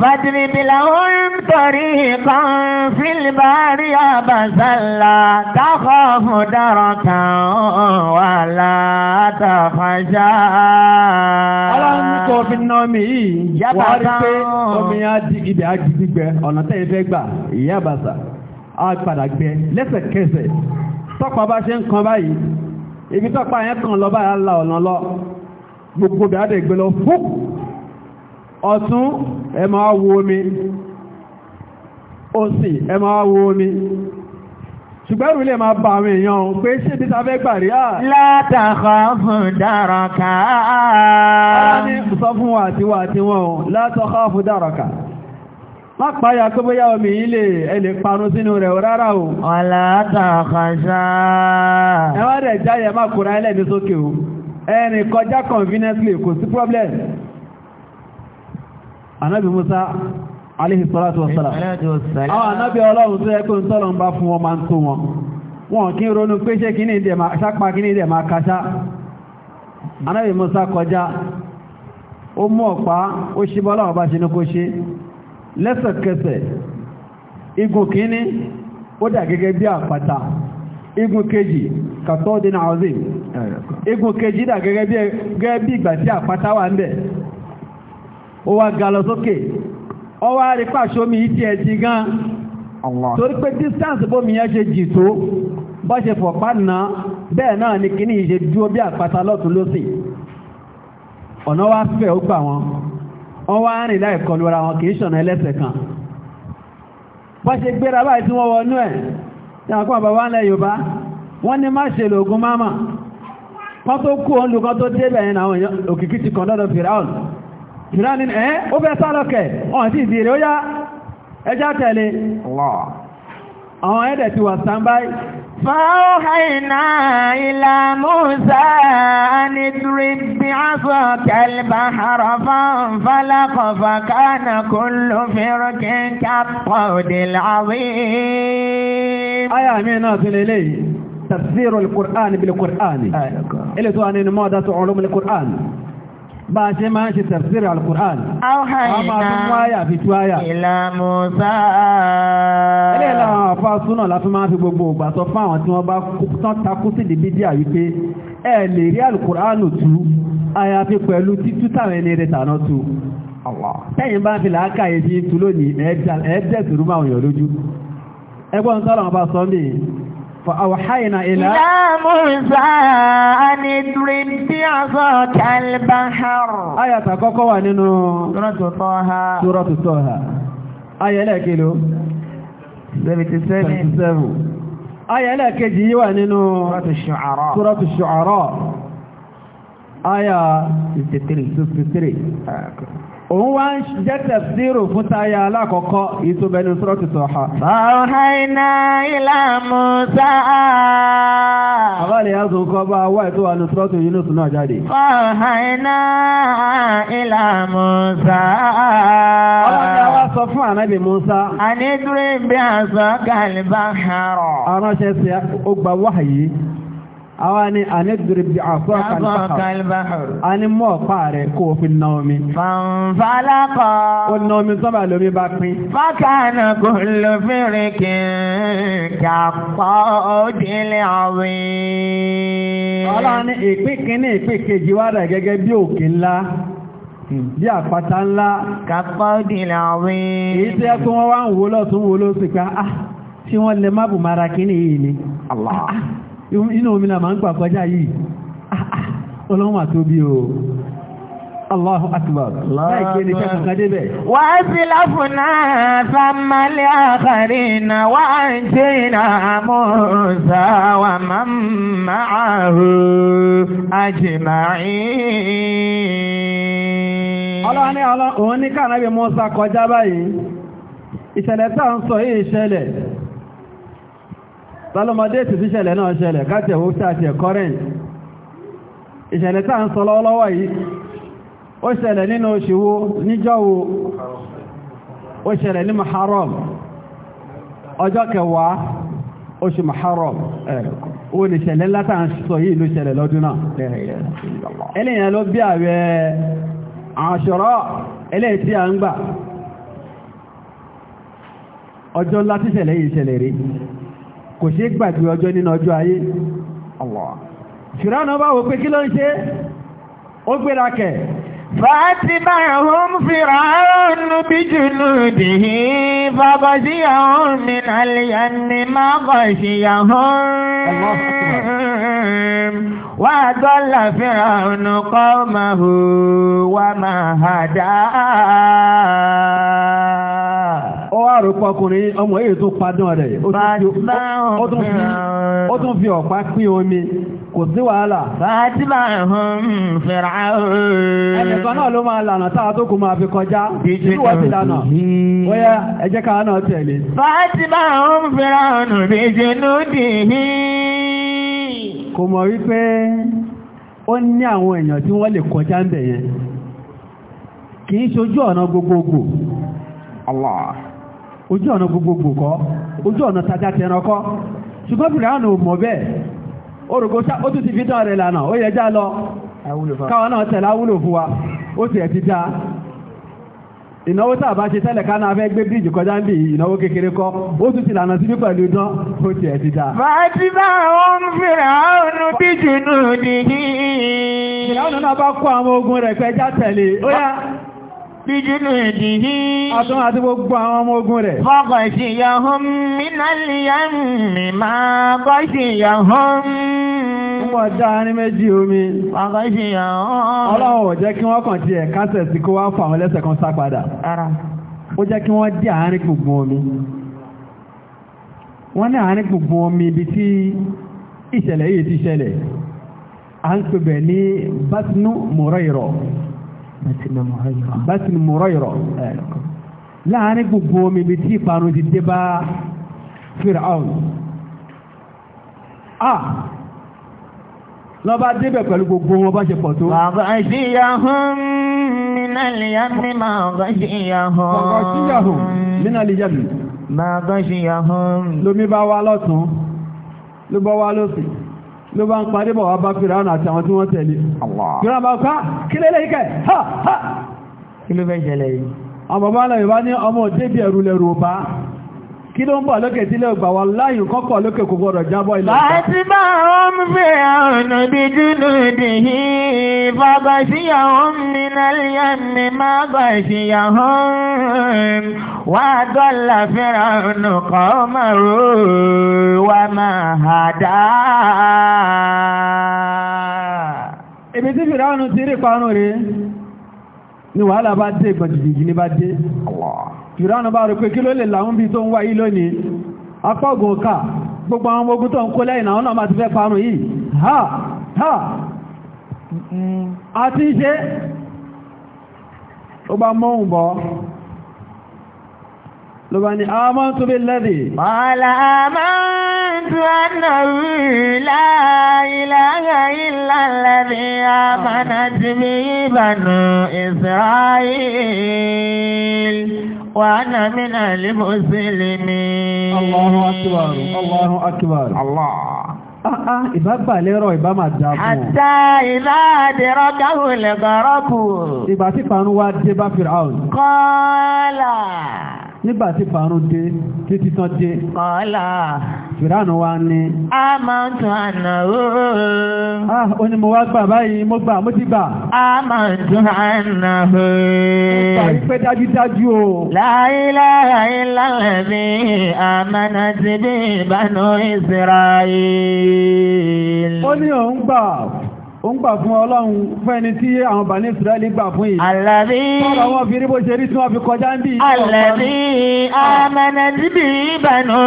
fàdìrìbìlà ó ń torí kan fílbárì àbàzàlà dákọ̀ fún dáràn kan wà látàfàjá. ọlọ́run kò fi ná mi yìí wọ́n rí pé omi á di ibẹ̀ á ọ̀nà tẹ́yẹ fẹ́ gbà ìyá àbàzà á padà gbẹ lẹ́sẹ̀kẹsẹ̀ tọ́pọ̀ bá ṣe ń kan báyìí ibi tọ́pọ̀ yẹn kan lọ báyìí á la ọ̀nà lọ gbogbo bí adẹ̀ gbẹ̀lọ fún ọ̀tún ẹ máa wo omi òsì ẹ máa wo omi ṣùgbẹ́rù lè máa bá àwọn èèyàn pé ṣe bí sáfẹ́ gbàrí à látàkọ́ fún dárọ̀ká má pàáyà kó bóyá omi yìí ẹlẹ̀ parun sínú rẹ̀ rárá o látàkọ́ ẹwà rẹ̀ jáyẹ má kúrò ẹlẹ́ni sókè o ẹni kọjá conveniently kò sí problem anábi musa aléhì sọ́látù ọ̀sára àwọn anábi ọlọ́run tó ẹkùn tọ́lọ ń bá fún wọn máa ń tó wọn wọn kí ronú pé ṣe kí ní Anabi musa kọjá ó mú ọ̀pá ó ṣí igun igun kejì kàtọ́ dínà ọ̀zìn igun kejì dà gẹ́gẹ́ bí ìgbà tí àpáta wà ń bẹ̀ ó wá ga lọ sókè ọ wá rí pàṣómi ìtì ẹ̀tì gan torí pé distance bómi yẹn ṣe jì tó bọ́ ṣe fọ̀pá náà bẹ́ẹ̀ náà ni kíní ní ìṣe dúó bí àpáta lọ́tún lósì ọ̀nà wá fẹ́ ó gbà wọn wọ́n wá rìn láì kọlu ara wọn kì í ṣọ̀nà ẹlẹ́sẹ̀ kan bọ́ ṣe gbéra báyìí tí wọ́n wọnú ẹ̀ ẹ̀wọ̀n bàbá ilẹ̀ Yorùbá wọ́n ní má ṣe lògùn máma kọ́ tó kú to lùkọ́ tó dé bẹ̀yìn àwọn òkìkí ti kàn lọ́dọ̀ fìràún fìràún ní ẹ́ ó fẹ́ ke ọ̀n sí ìdí rẹ̀ ya yá Allah àwọn ẹ̀dẹ̀ ti wà standby. Fáwọ́hàìná ilá Mùsá ní Tùrìbí aṣọ kẹlbà àrọ̀fà ń fálákọ̀fà kánà kó ló fi rọ́kẹ́ kápọ̀ òdè láwí. Ayà mi náà bá ṣe máa ṣe tafsir al-Qur'an ila Musa ẹlẹ́la àwọn àfá súnà láti máa fi gbogbo ògbà sọ fún àwọn tí wọ́n bá tán takú sí ìdí bídíà wípé ẹ lè rí al-Qur'an tú àyàfi pẹ̀lú títú táwọn ẹni rẹ̀ tàná tú tẹ́yìn bá ń fi làákà èdè tú lónìí ẹ̀ẹ́dẹ̀ẹ̀sì rúmọ̀ àwọn ẹgbọ́n tọ́lọ̀ ọba sọ́ndé فأوحينا إلى إلى موسى أن اضرب بعصاك البحر آية تقوى نينو سورة طه سورة طه آية لا كيلو 77 آية لا كيجي وانينو سورة الشعراء سورة الشعراء آية 63 63 òun wá ń jẹ́ tẹ̀síìrò fún táyà alákọ̀ọ́kọ́ ìtòbẹ̀nu sọ́rọ̀tì sọ̀ha. ọ̀hánà ilá Musa. àbálẹ̀ yàtọ̀ nǹkan bá wà ètò wa sọ fún ànábì Musa. àní dúró bí àṣọ gàlíbà hàrọ̀. aránṣẹ́ àwa ni anẹ́gbèrè bí àfọ́ kalibahoro a ni mọ́ ọ̀pá rẹ̀ kó o fi na omi. fanfàlà kọ. o na omi sọ́ba lomi bá pín. fákànà kò ló fèrè kí n kà pọ̀ òdìlé ọ̀wìn. ọlọ́run ní ìpín kínní ìpín kejì wá rẹ̀ gẹ́gẹ́ bí òkè ńlá hmm. bí àpáta ńlá. kàpọ̀ òdìlé ọ̀wìn. èyí tí ẹ tún wọ́n wá ń wo lọ́tún wo ló sì pa ah, tí wọ́n lè má bùmára kínní yìí ni. Allah. Ah, ah. inú omi náà máa ń kọjá yìí ah, ah, ọlọ́run àtóbi o Allahu akbar. Láì kí ni kan débẹ̀. Wà sí láfùnà sàmàlẹ́ àkàrínà wà ń ṣe ìnà wà máa ń máa hù Ọlọ́run ní ọlọ́run ní kọjá tálọ́mọdé ti fi ṣẹlẹ̀ náà ṣẹlẹ̀ káàtẹ̀wó tààtẹ̀ current ìṣẹ̀lẹ̀ tá ń sọ lọ́wọ́lọ́wọ́ yìí ó ṣẹlẹ̀ nínú oṣù wo níjọ́ wo ó ṣẹlẹ̀ ní Muharram ọjọ́ kẹwàá oṣù Muharram ó ní ṣẹlẹ̀ látà ń sọ yìí ló ṣẹlẹ̀ lọ́dún náà eléyàn ló bí àwẹ̀ Àṣúrà ọjọ́ ńlá tíṣẹ̀lẹ̀ yìí ṣẹlẹ̀ rí kò ṣe gbàgbé ọjọ́ nínú ọjọ́ ayé ṣìránà bá wò pé kí ló ń ṣe ó gbéra kẹ̀ فأتبعهم فرعون بجنوده فغشيهم من اليم ما غشيهم وأضل فرعون قومه وما هدى àròpọ̀ ọkùnrin ọmọ èyí tó padán rẹ̀ ó tún fi ọ̀pá pín omi kò sí wàhálà fàájíbà náà ló máa lànà táà tó kù máa fi kọjá ìwọ̀ lànà náà tẹ̀lé ṣojú ọ̀nà ojú ọ̀nà gbogbogbò kọ́ ojú ọ̀nà tajà tẹran kọ́ ṣùgbọ́n fìràánù mọ̀ bẹ́ẹ̀ orògbò ó tún ti fi tán rẹ̀ lànà ó yẹ já lọ káwọn náà tẹ̀lé awúlò fún wa ó sì ẹ̀ ti já ìnáwó tá a bá ṣe tẹ́lẹ̀ ká náà fẹ́ gbé bíríjì kọjá ń bì ìnáwó kékeré kọ́ ó tún ti lànà síbí pẹ̀lú dán ó ti ẹ̀ ti dá. fàájì bá wọn ń fìrà ọ̀nù bí jùnú nìyí. ìyá ọ̀nà náà bá kó àwọn ogun rẹ̀ pẹ́ já tẹ̀lé ó yá bíjúlù ìdìhí. Àtún àti gbogbo àwọn ọmọ ogun rẹ̀. Ọkọ̀ ìṣìyàhún mínàlìyàmì máa kọ́ ìṣìyàhún. Wọ́n já méjì omi. Ọkọ̀ ìṣìyàhún. Ọlọ́run ò jẹ́ kí wọ́n kàn ti ẹ̀ká tẹ̀sí kó wá kan sá padà. Ó jẹ́ kí wọ́n àárín omi. Wọ́n ní àárín omi ibi tí ìṣẹ̀lẹ̀ yìí ti ṣẹlẹ̀. À ń pè bẹ̀ bátìlì mọ̀rọ̀yọ̀rọ̀ láàárín gbogbo omi ibi tí ìparun ti dé bá Fir'aun ah lọ bá débẹ̀ pẹ̀lú gbogbo wọn bá ṣe pọ̀ tó wàgọ́síyàhùn mínàlìyàmí wàgọ́síyàhùn mínàlìyàmí wàgọ́síyàhùn lómi bá wá lọ́tún ló bá wá lọ́sìn ló bá ń parí bọ̀ wá bá fìràwọn àti àwọn tí wọ́n tẹ̀lé fìràwọn bá ká kílẹ̀lẹ̀ ike ha ha kí ló fẹ́ ṣẹlẹ̀ yìí ọmọ bá lọ ìbá ní ọmọ débi ẹ̀rù lẹ́rù ọba kí ló ń bọ̀ lókè tí lè gbà wà láyé kọ́kọ̀ lókè kò gbọ́dọ̀ jábọ́ ilẹ̀ ìta. bá òun fi ọ̀nà mi mi wà dọ́là fẹ́ra ọ̀nà kọ́ wà máa ibi tí ti rí parun rèé ni wàhálà bá dé ìgbọ̀njìjì ní bá dé. ìránà bá rẹ̀ pé kí ló lè láwọn bí tó ń wá yí lónìí apọ́gùn ká gbogbo àwọn ogun tó ń kó lẹ́yìn àwọn náà ti fẹ́ parun yìí ha ha a ti ṣe ó bá mọ́hùn bọ́ ló bá ní amantu billazi qala amantu annahu وأنا من المسلمين الله أكبر الله أكبر الله ìbá gbà lérọ̀ ìbá máa dáàbò. Àtà ìlà àdìrọ̀ káwò lè gbọ́rọ̀ kù. Ìgbà tí ìpanu wá dé bá Fir'aun. Kọ́ọ̀lá nígbà tí fàárùn dé tí títán dé kọ́lá fìránù wa ní a máa tún ànà ooo ah o ni mo wá gbà báyìí mo gbà mo ti gbà a máa tún ànà ooo ìgbà wípé dájúdájú o láìlára ìlàlẹ́bí àmàna ti bí ìbánú Israel ó ní òun gbà ó ń gbà fún ọlọ́run fẹ́ni tí àwọn bàní ìsìráìlì gbà fún yìí. àlàrí tọ́lọ wọn fi rí bó ṣe rí tí wọ́n fi kọjá ń bí. àlàrí amẹ́nà níbi ìbànú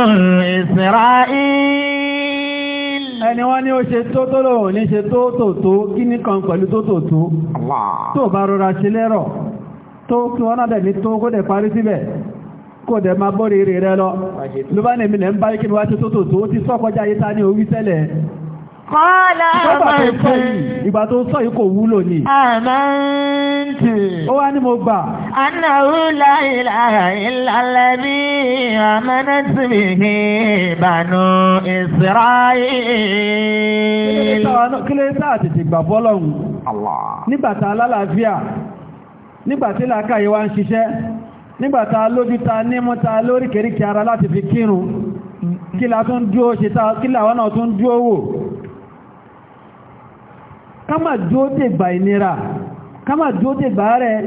ìsìráìlì. ẹni wọ́n ní ó ṣe tó tó lòun ní ṣe tó tó tó kí ní kan pẹ̀lú tó tó tó. tó bá rọra ṣe lẹ́rọ̀ tó kí wọ́n náà dẹ̀ ní tó kó dẹ̀ parí síbẹ̀ kò dẹ̀ máa bọ́ rere lọ. ló bá nẹ̀mí lẹ́ ń bá yí kí ni wá ṣe tó tó tó ó ti sọ́kọjá yí ta ní orí tẹ́lẹ̀. Kọ́lá ọmọ ìgbà tó sọ yìí kò wúlò ní. Àmẹ́ntì. Ó wá ní mo gbà. Anáwó láìlà ìlàlẹ́bí àmẹ́nẹ́tìmì ní ìbànú Ìsìráyìí. Kí lè sáà tètè gbà bọ́lọ̀hùn? Nígbàtà alálàáfíà, nígbàtí làákàyè wa ń ṣiṣẹ́, nígbàtà lójúta nímúta lóríkèríkè ara láti fi kírun, kí la náà tún dúó wò kama dúó dègbà ìnira kama dúó dègbà rẹ̀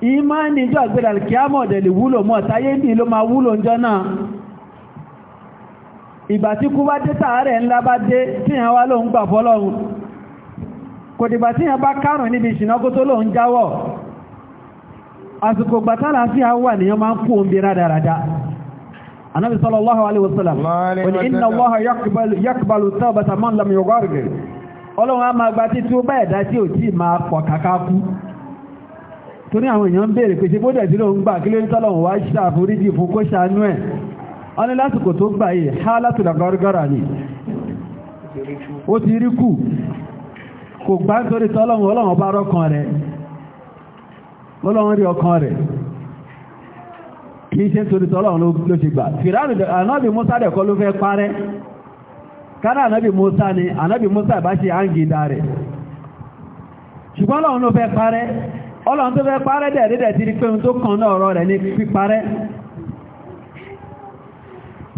ìmáàni ìjọ àgbẹ̀dà kí á mọ̀ dẹ̀lì wúlò mọ́ táyé ní ló máa wúlò ń jọ náà ìgbà tí kú bá dé tààrẹ̀ ńlá bá dé tí ìyàn wá lóun gbà fọ́lọ́run kò dìgbà tí ìyàn bá kárùn níbi ìṣìnà kó tó lóun jáwọ́ àsìkò gbàtàlà sí àwà nìyàn máa ń kú omi rádaràdá anábi sallallahu alaihi wasallam inna allaha yaqbalu tawbata man lam yughargir ọlọ́run a máa gba títí ó bá ẹ̀dá tí ò tí máa pọ̀ kàkà kú torí àwọn èèyàn ń béèrè pé ṣe bódẹ̀ tí ló ń gbà kí ló ń tọ́lọ̀wọ̀n wá ṣàforíjì fún kó ṣàánú ẹ̀ wọ́n ní lásìkò tó gbà yìí há látùlà gọ́rọ́gọ́rọ́ ni ó ti rí kù kò gbá nítorí tọ́lọ̀wọ̀n ọlọ́run bá rọ́kàn rẹ̀ kára ànábì Musa ni ànábì Musa bá ṣe ángìdá rẹ̀ ṣùgbọ́n Ọlọ́run ló fẹ́ parẹ́ Ọlọ́run tó fẹ́ parẹ́ dẹ̀ẹ́dẹ́dẹ̀ ti rí pé ohun tó kàn náà ọ̀rọ̀ rẹ̀ ní píparẹ́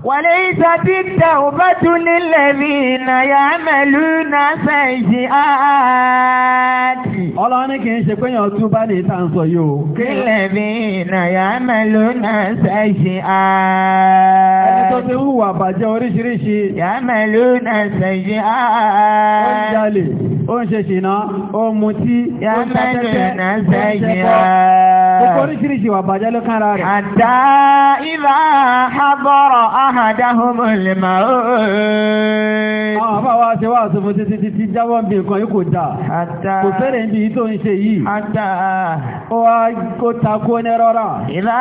وليس بالتوبة للذين يعملون سيئات Ọlọ́run kì í ṣe pé yàn tún bá lè ta ń sọ yóò. للذين يعملون سيئات. Ẹni tó ti hùwà bàjẹ́ oríṣiríṣi. يعملون سيئات. Ó ń jalè, ó ń ṣe ṣìná, ó ń mutí, ó ń tẹ́tẹ́, ó ń ṣẹ́kọ́. oríṣiríṣi wà bàjẹ́ ló kára rẹ̀. Àdá ìlà àbọ̀rọ̀ á àhádáhùnmùlè máa ooo. Àwọn àbáwá ṣe wá àtúnfò títí títí jábọ́ bí nǹkan yìí kò dáa. Àtà. Kò fẹ́rẹ̀ níbi tó ń ṣe yìí. Àtà. Ó wá kó takó ní rọ́rà. Ìlà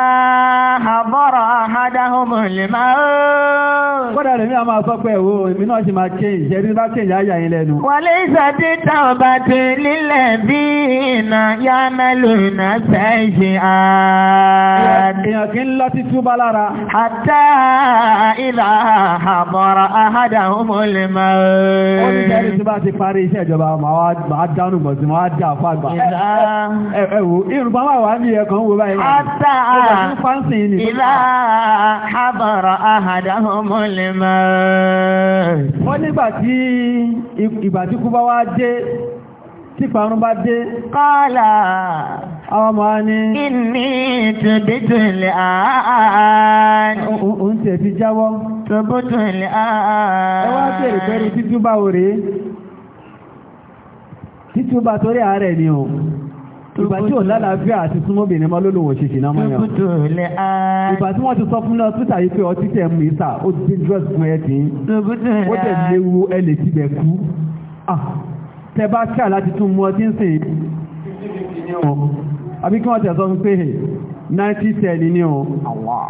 àbọ̀rọ̀ àhádáhùnmùlè máa ooo. Kọ́dà rẹ̀ mi a máa sọ pé wo èmi náà ṣe máa ṣe ìṣẹ́ rí bá ṣe ìyáyà yín lẹ́nu. Wọlé ìṣàdé táwọn bá ti lílẹ̀ bí iná yá mẹ́lò iná sẹ́yìn ààrẹ. Èèyàn kì í lọ títúbá lára. Àtà ìlà àbọ̀rọ̀ àhádà ọmọlẹ̀ máa ó ní tẹ́rí tí bá ti parí iṣẹ́ ìjọba máa dánú gbọ̀nsí máa dá fàgbà ẹ̀wò ìrùbá máa wà ní ẹ̀kọ́ wo báyìí àtà ìlà àbọ̀rọ̀ àhádà ọmọlẹ̀ máa ó nígbà tí ìgbà tí kú bá wá dé tí parun bá dé. Kọ́lá. Àwọn ọmọ ni. Kí ni tòdítò lè àá? tiẹ̀ ti jáwọ́. tòbótò ní àá. ẹ wá bèrè pẹ́rú títúbà òrè títúbà torí àárẹ̀ ni o ìgbà tí ò lálàáfíà àti súnmọ́bìnrin mọ́ ló lòun òṣèṣì náà mọ́ yàn. tòbótò ní àá. ìgbà tí wọ́n ti sọ fún náà títà yìí pé ọtí tẹ̀ mú ìsà ó ti dangerous fún ẹ tí. tòbótò ní àá. ó tẹ̀ léwu ẹ lè tibẹ̀ kú. tẹ bá ṣà láti tún mú ọtí ń sìn àbí kí wọ́n tẹ̀ sọ fún pé 90 tẹ̀ ní ní o. Allah.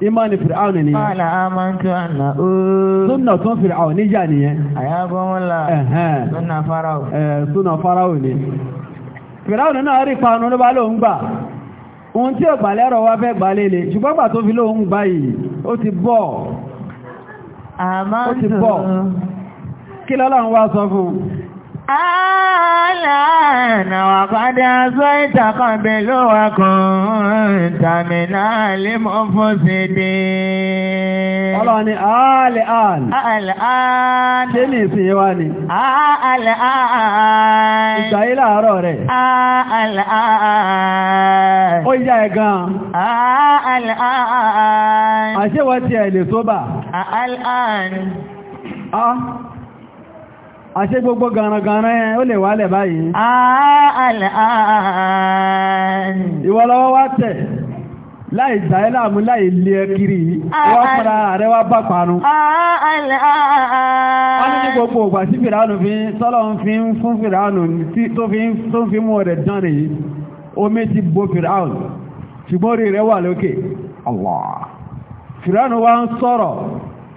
imani fir'aun ni ala amantu anna o sunna tun fir'aun ni ya ni aya bomola eh sunna farao eh sunna farao ni fir'aun náà rí pa nu ba lo ngba ohun tí ó gbà lérò wa fẹ́ gbà lele ṣùgbọ́n gbà fi lọ ń gbà yìí ti bọ́ amantu ó ti bọ́ kí lọ́lọ́run wá sọ fún Àlànà àkọ́dá sọ ìtàkọ̀bẹ̀ ló wà kan tàmìnà lè mọ́ fún sí dé. Ọlọ́ni àlàn. Àlàn. Ṣé ní ìsìn wá ni? Àlàn. Ìṣàyí láàárọ̀ rẹ̀. Àlàn. Ó yá ẹ̀ gan. Àlàn. Ah àṣẹ gbogbo gànàgànà ẹ ó lè wálẹ̀ báyìí. ìwọ lọ́wọ́ wá tẹ̀ láì dáyé láàmú láì lé ẹ kiri yìí wọ́n fara rẹ wá bá parun. wọ́n ní gbogbo ògbà tí fìràánù fi sọ́lọ́ fi ń fún fìràánù tó fi mú rẹ̀ dán nìyí omi ti bo fìràánù ṣùgbọ́n orí rẹ̀ wà lókè. fìràánù wa ń sọ̀rọ̀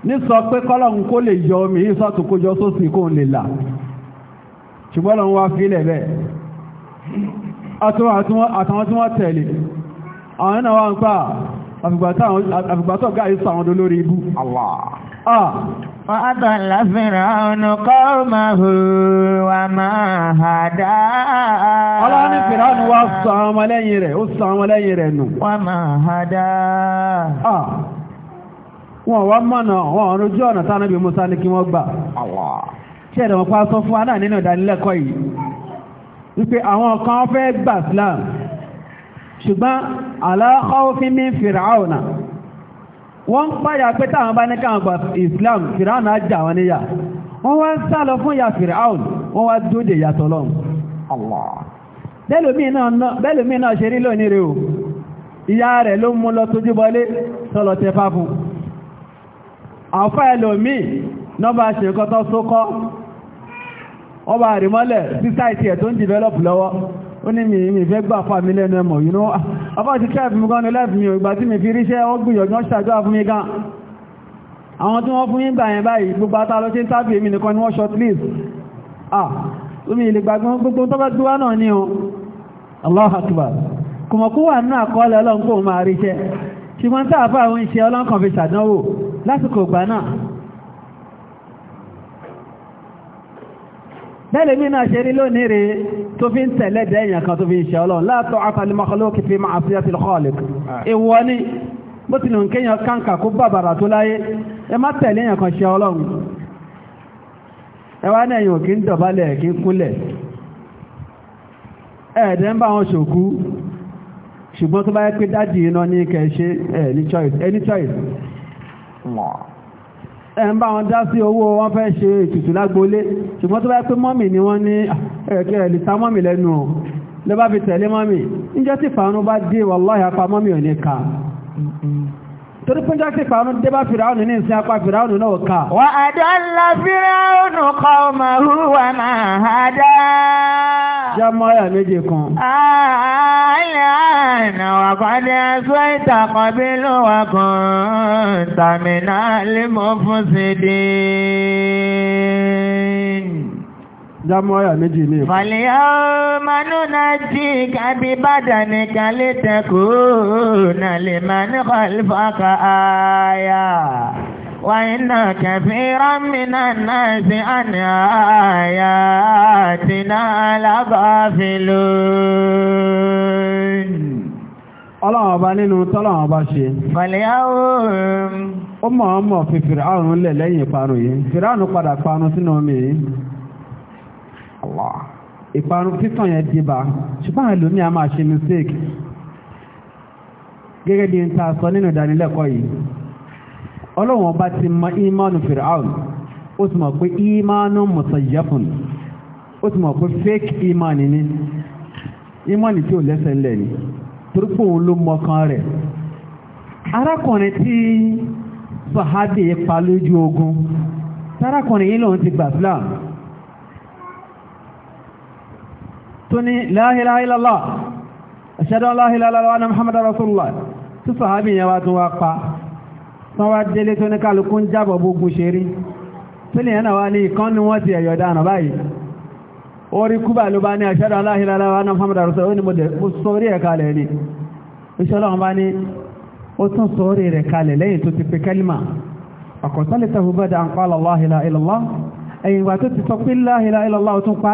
nísọ pé kọ́lọ̀hún kó lè yọ omi ìsọ́tù kójọ sósì kó lè là ṣùgbọ́n lọ́n wá fílẹ̀ bẹ́ẹ̀ àtàwọn tí wọ́n tẹ̀lé àwọn ẹ̀nà wá ń pa àfìgbàtọ̀ gáà ìsọ àwọn olórí ibú وأضل Fìránù wá sọ àwọn ọmọ lẹ́yìn rẹ̀, ó sọ àwọn ọmọ lẹ́yìn rẹ̀ nù. Wọ́n máa hádá wọn wá mọ̀nà wọn rojú ọ̀nà tí Ànábì Mùsá ní kí wọ́n gbà ṣe ẹ̀rọ pa sọ fún aná nínú ìdánilẹ́kọ̀ọ́ yìí wípé àwọn kan fẹ́ gbà Islam ṣùgbọ́n ala khawfin min Fir'auna wọ́n ń pàyà pé táwọn bá ní káwọn gbà Islam Fir'auna á jà wọn níyà wọ́n wá ń sá lọ fún ìyà Fir'aun wọ́n wá dóde ìyàtọ̀ lọ́hùn bẹ́lùmí náà ṣe rí lónìí rẹ̀ o ìyá rẹ̀ ló mú lọ tójúbọlé sọ́lọ tẹfá fún àfá ẹlòmí nọ́bà ṣe nǹkan tó sókọ́ ọba àrímọ́lẹ̀ sísáìtì ẹ̀ tó ń dìvẹ́lọ́pù lọ́wọ́ ó ní mi mi fẹ́ gbà fà mí lẹ́nu ẹmọ̀ yìí náà afọ́ ti kẹ́ ẹ̀fún gan ní lẹ́fún mi ìgbà tí mi fi ríṣẹ́ ó gbìyànjú ṣàjọ́ fún mi gan àwọn tí wọ́n fún yín gbà yẹn báyìí gbogbo ata ló ṣe ń tábì èmi nìkan ni short list ah omi ilé gbàgbọ́n gbogbo tó bá gbíwá náà ní o Allahu Akbar kùmọ̀kú wà nínú àkọọ́lẹ̀ ọlọ́nkó máa ríṣẹ́ ṣùgbọ́n tí àfà òun ṣe ọlọ́nkàn fi ṣàdánwò lásìkò ìgbà náà bẹ́ẹ̀lẹ̀ mí náà ṣe rí lónìí rí tó fi ń tẹ̀lé dẹ́yìn kan tó fi ń ṣe ọlọ́run la ta'ata li makhluqin fi ma'siyati al-khaliq ìwọ ah. ni bó ti lò ń kéyàn káǹkà kó bàbàrà tó láyé ẹ má tẹ̀lé yàn kan ṣe ọlọ́run ẹwà náà choice ẹ̀ ń bá wọn dá sí owó wọn fẹ́ ṣe ètùtù lágbolé ṣùgbọ́n tó bá pé mọ́mì ni wọ́n ní ẹ̀kẹ́ ah, ẹ̀lìta mọ́mì lẹ́nu ọ̀ lẹ́bàá fi tẹ̀lé mọ́mì níjẹ́ tí fàánú bá dé wàláhì apá mọ́mì ò ní ka torí pé jọ́ sí ìparun dé bá fìràúnù ní ìsìn apá fìràúnù náà ká. wà á dọ́là fìràúnù kọ́ ọmọ hùwà máa ha dá. jẹ́ mọ́yà méje kan. ààyè àná wà kọ́dé ẹ̀sọ́ ìtàkùn ló wà kan tàmínà lè mọ́ fún sídìí jámọ́ àyà méjì ní ìfẹ́. Fàlíyà manú na jí kábí bàdà ní kálé tẹ́kù na lè máa ní kọlùfàkà àyà. Wà iná kẹfì rámìnà náà sí àní àyà àti nínú tọ́lọ́run ọba ṣe. Fàlíyà ó mọ̀ ọmọ fi Fìràánù lẹ̀ lẹ́yìn ìparun yìí. Fìràánù padà parun sínú omi yìí ìparun títàn yẹn dìbà ṣùgbọ́n ẹlòmí a máa ṣe mistake gẹ́gẹ́ bí n ta sọ nínú ìdánilẹ́kọ̀ọ́ yìí ọlọ́wọ́n bá ti mọ ìmánu fìràún ó ti mọ̀ pé ìmánu mùsàyẹ́fùn ó ti mọ̀ pé fake ìmánu ni ìmánu tí ò lẹ́sẹ̀ ńlẹ̀ ni torípò òun ló mọ kan rẹ̀ arákùnrin tí sàhábì pa lójú ogun tárákùnrin yìí lòun ti gbà Islam tó ní la ilaha illallah ashhadu an la ilaha illallah anna muhammadar rasulullah tó sàhábì yẹn wá tún wá pa tán wá délé tó ní kálukú ń jábọ̀ gbogbo ṣe rí tó lè yẹnà wá ní ìkan ni wọ́n ti ẹ̀yọ̀ dànà báyìí orí kúbà ló bá ní ashhadu an la ilaha illallah anna muhammadar rasulullah ó ní mo sórí ẹ̀ kalẹ̀ ni ìṣọ́lọ́run bá ní ó tún sórí rẹ̀ kalẹ̀ lẹ́yìn tó ti pe kẹ́límà ọ̀kọ̀tọ́lẹ̀ tàbí bẹ́ẹ̀ dà la ilaha illallah ẹ̀yìn ìgbà ti sọ pé la ilaha illallah pa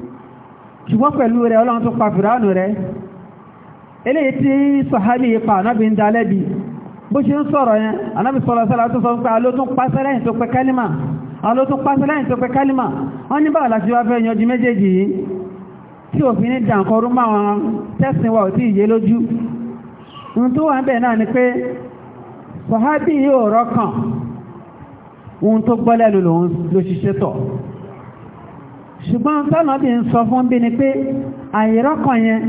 ṣùgbọ́n pẹ̀lú rẹ̀ ọlọ́run tó pa fìránù rẹ̀ eléyìí tí ipa anábi ń bó ṣe ń sọ̀rọ̀ yẹn tó sọ pé alótún pásẹ́lẹ́yìn tó pẹ kálímà alótún pásẹ́lẹ́yìn tó kálímà wọ́n ní báwọn láti wá fẹ́ yanjú méjèèjì yìí tí ò ṣùgbọ́n tọ́nà bí ń sọ fún bí ni pé àìrọ́kàn yẹn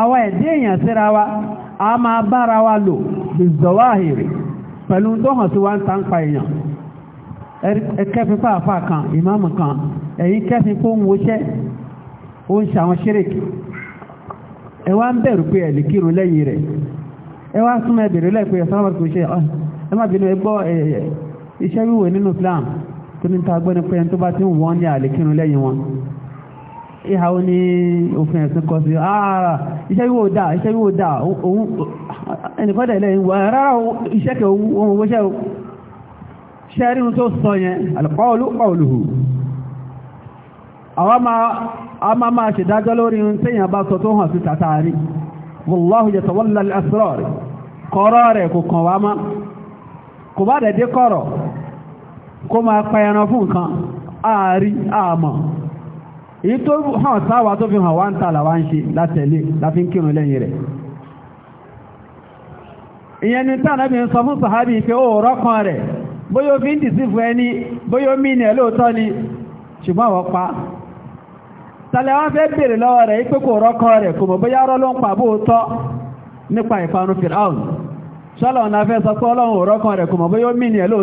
àwọn ẹ̀dẹ́ èèyàn síra wa a máa bára wa lò bí zọwáhìrì pẹ̀lú tó hàn sí wá ń tánpa èèyàn pàápà kan ìmáàmù kan ẹ̀yìn kẹ́fin fún wóṣẹ́ ó torí ta gbọ́ ni pé ẹni tó bá ti ń wọ́n ní àlékínú lẹ́yìn wọn ìhà ó ní òfin ẹ̀sìn kọ sí ààrà ah, iṣẹ́ yíwò dà iṣẹ́ yíwò dà òun ẹnìkọ́dà ilẹ̀ ìwọ̀ rárá iṣẹ́ kẹ ohun owó ṣẹ́ ṣẹ́ rínú tó sọ yẹn alqawlu qawluhu àwọn máa máa ṣèdájọ́ lórí tíyàn bá sọ tó hàn sí tàtàrí wallahu yatawalla al-asrar kọ̀rọ̀ kó máa fún nǹkan ààrí àmọ̀ èyí tó hàn sáwà tó hàn wá ń ta ń ṣe látẹ̀lé láti ń lẹ́yìn rẹ̀ ìyẹn ni ń sọ fún sàhábì ìfẹ́ òòrọ́ kan rẹ̀ bóyó fi ń dìsí fún ẹni bóyó mìíní ẹ̀ lóòótọ́ ni ṣùgbọ́n pa tàlẹ̀ wọ́n fẹ́ bèèrè lọ́wọ́ rẹ̀ ipé kò rẹ̀ kò mọ̀ bóyá rọ́ ló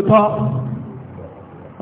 ń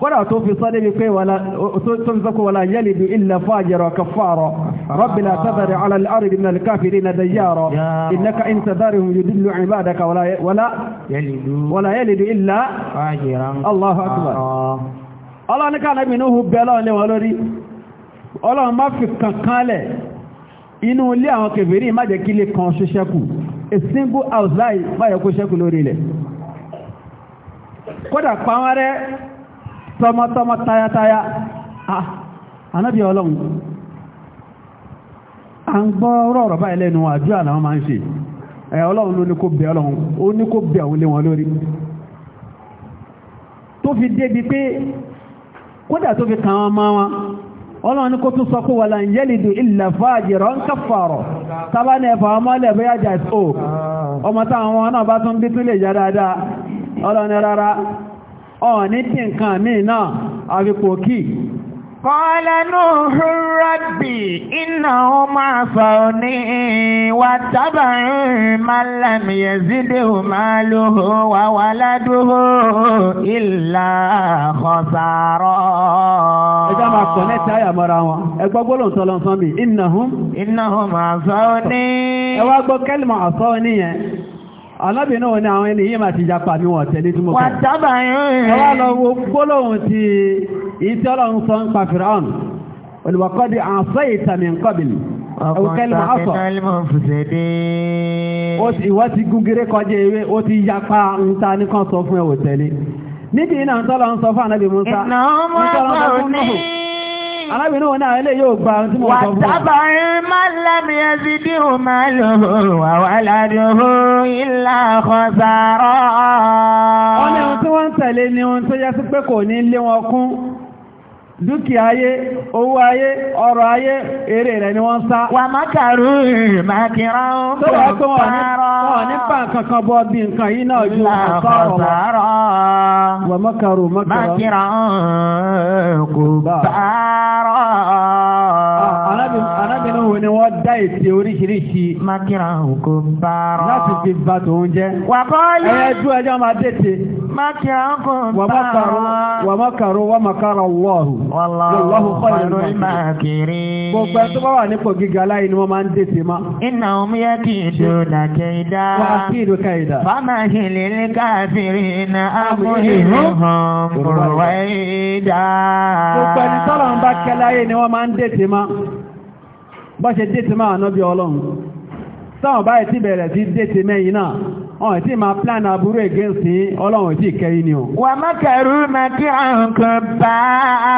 kódà tó fi sọ débi pé tó fi sọ́kọ̀ wàlá yalidu illa fajira kafara rabbi la tadari ala al-ardi min al-kafirina dayyara innaka in tadarihum yudillu ibadaka wàlá yalidu illa allahu akbar ọlọ́ni kàlẹ́mì ní hù bẹ́ẹ̀ lọ́wọ́ lé wọn lórí ọlọ́run má fi kankanlẹ̀ inú ilé àwọn kèfèrí má jẹ́ kílé kan lórí ilẹ̀ tọmọtọmọ tayataya ah, ànábì ọlọ́run a ń gbọ́ rọ̀rọ̀ báyìí lẹ́nu àjọ àlàwọn máa ń ṣe ẹ̀ ọlọ́run ló ní kó bẹ̀ ọlọ́run ó ní kó bẹ̀ òun lé wọn lórí tó fi débi pé kódà tó fi kàn wọn máa wọn ọlọ́run ní kó tún sọ pé wà láń yẹ́lìdì illa fajiran kaffara tábà ní ẹ̀fà ọmọ ilẹ̀ bóyá jà ó oh, ọmọ táwọn ọ̀ní tí nǹkan mí náà àrípò kí Kọ́lá Núhù Rabbi iná ó máa fà ó ní wà tábàrín Málàmì Yẹ̀zídé ò máa lóhò wà wà ládúhò ìlà ọ̀sàrọ̀. Ẹjá máa lẹ́ta àyà mọ́ra wọn, ẹgbọ́ gbọ́lùn tọ́lọ́ sọ́mì, iná hùn. Iná hùn máa ní. Ẹwà gbọ́ kẹ́lì máa fà ó alábìnrin náà ni àwọn ẹni yìí máa ti japa ní wọ́n tẹ̀lé tí mo kọ́. wàtábà yìí. wọ́n lọ wo gbólóhùn ti ìtí ọlọ́run sọ ń pa fìràn olùwàkọ́dì àǹfẹ́ ìtàmì nkọ́bìlì òkèlè máa sọ. ìwọ́ ti gúgéré kọjá ewé ó ti yapa ń ta ní kan sọ fún arábìnrin òun náà ilé yóò gba ohun tí mo sọ fún un. wàtábà ń má lábì ẹsí bí o máa lò wà wà ládùúgbò ilà àkọsàrọ̀. wọ́n ní ohun tí wọ́n ń tẹ̀lé ni ohun tó yẹ sí pé kò ní lé wọn kún dúkìá ayé owó ayé ọrọ̀ ayé eré rẹ̀ ni wọ́n sá wà mákàrú ìmákìrá ó pọ̀ pààrọ̀ nípa nǹkan kan bọ́ bí nǹkan yìí náà ju ọ̀pọ̀lọpọ̀ wà mákàrú mákìrá kò pààrọ̀ ah, Báwo ni wọ́n dá èsì oríṣiríṣi? Mákìrà òkú bàrọ̀. Láti fi ba tòun jẹ́. Wàkọ́ yẹ. Ẹyẹ ju ẹjọ́ máa dètè. Mákìrà òkú bàrọ̀. Wàmọ́kàrún wàmọ́kàrún wọ̀hù. Wàlọ́hù kọ́lù mákìrì. wọ́n máa ń dètè ma. Iná omi na amúhìrì hàn fúrọ̀ wáyé dá. Gbogbo ẹni tọ́lọ̀ ń bá kẹ́ ni wọ́n máa ń dètè ma bá ṣe déètì máa ná bí ọlọ́run sáwọn báyìí ti bẹ̀rẹ̀ sí déètì mẹ́yìn náà ọ̀n tí máa plan aburú against ní ọlọ́run tí kẹ́yìn ni o. wà mọ́kàrú mẹ́kí ọ̀nkọ̀ bá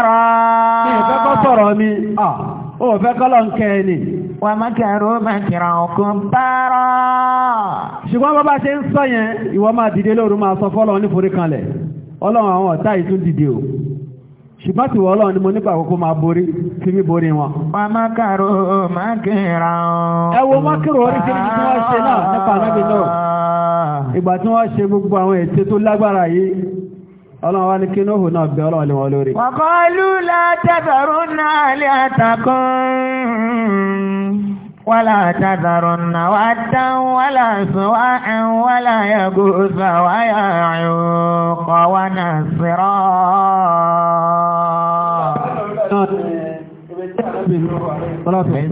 rọ̀. mi ò ni. wà mọ́kàrú mẹ́kí ọ̀nkọ̀ bá rọ̀. ṣùgbọ́n bàbá ṣe ń sọ yẹn ìwọ máa dìde lóru máa sọ fọ́lọ́ ní forí kanlẹ̀ ọlọ́run ṣùgbọ́n tí wọ́n lọ́wọ́ ni mo nígbà àkókò máa borí tí mi borí wọn. wọ́n máa kàrò mákìrà ọ́n. ẹ wo mákìrò oríṣiríṣi tí wọ́n ṣe náà nípa anábì náà. ìgbà tí wọ́n gbogbo àwọn ètò tó lágbára yìí ọlọ́run wá ní kí nóhù náà bẹ ọlọ́run lé wọn lórí. náà lè àtàkùn. ànábì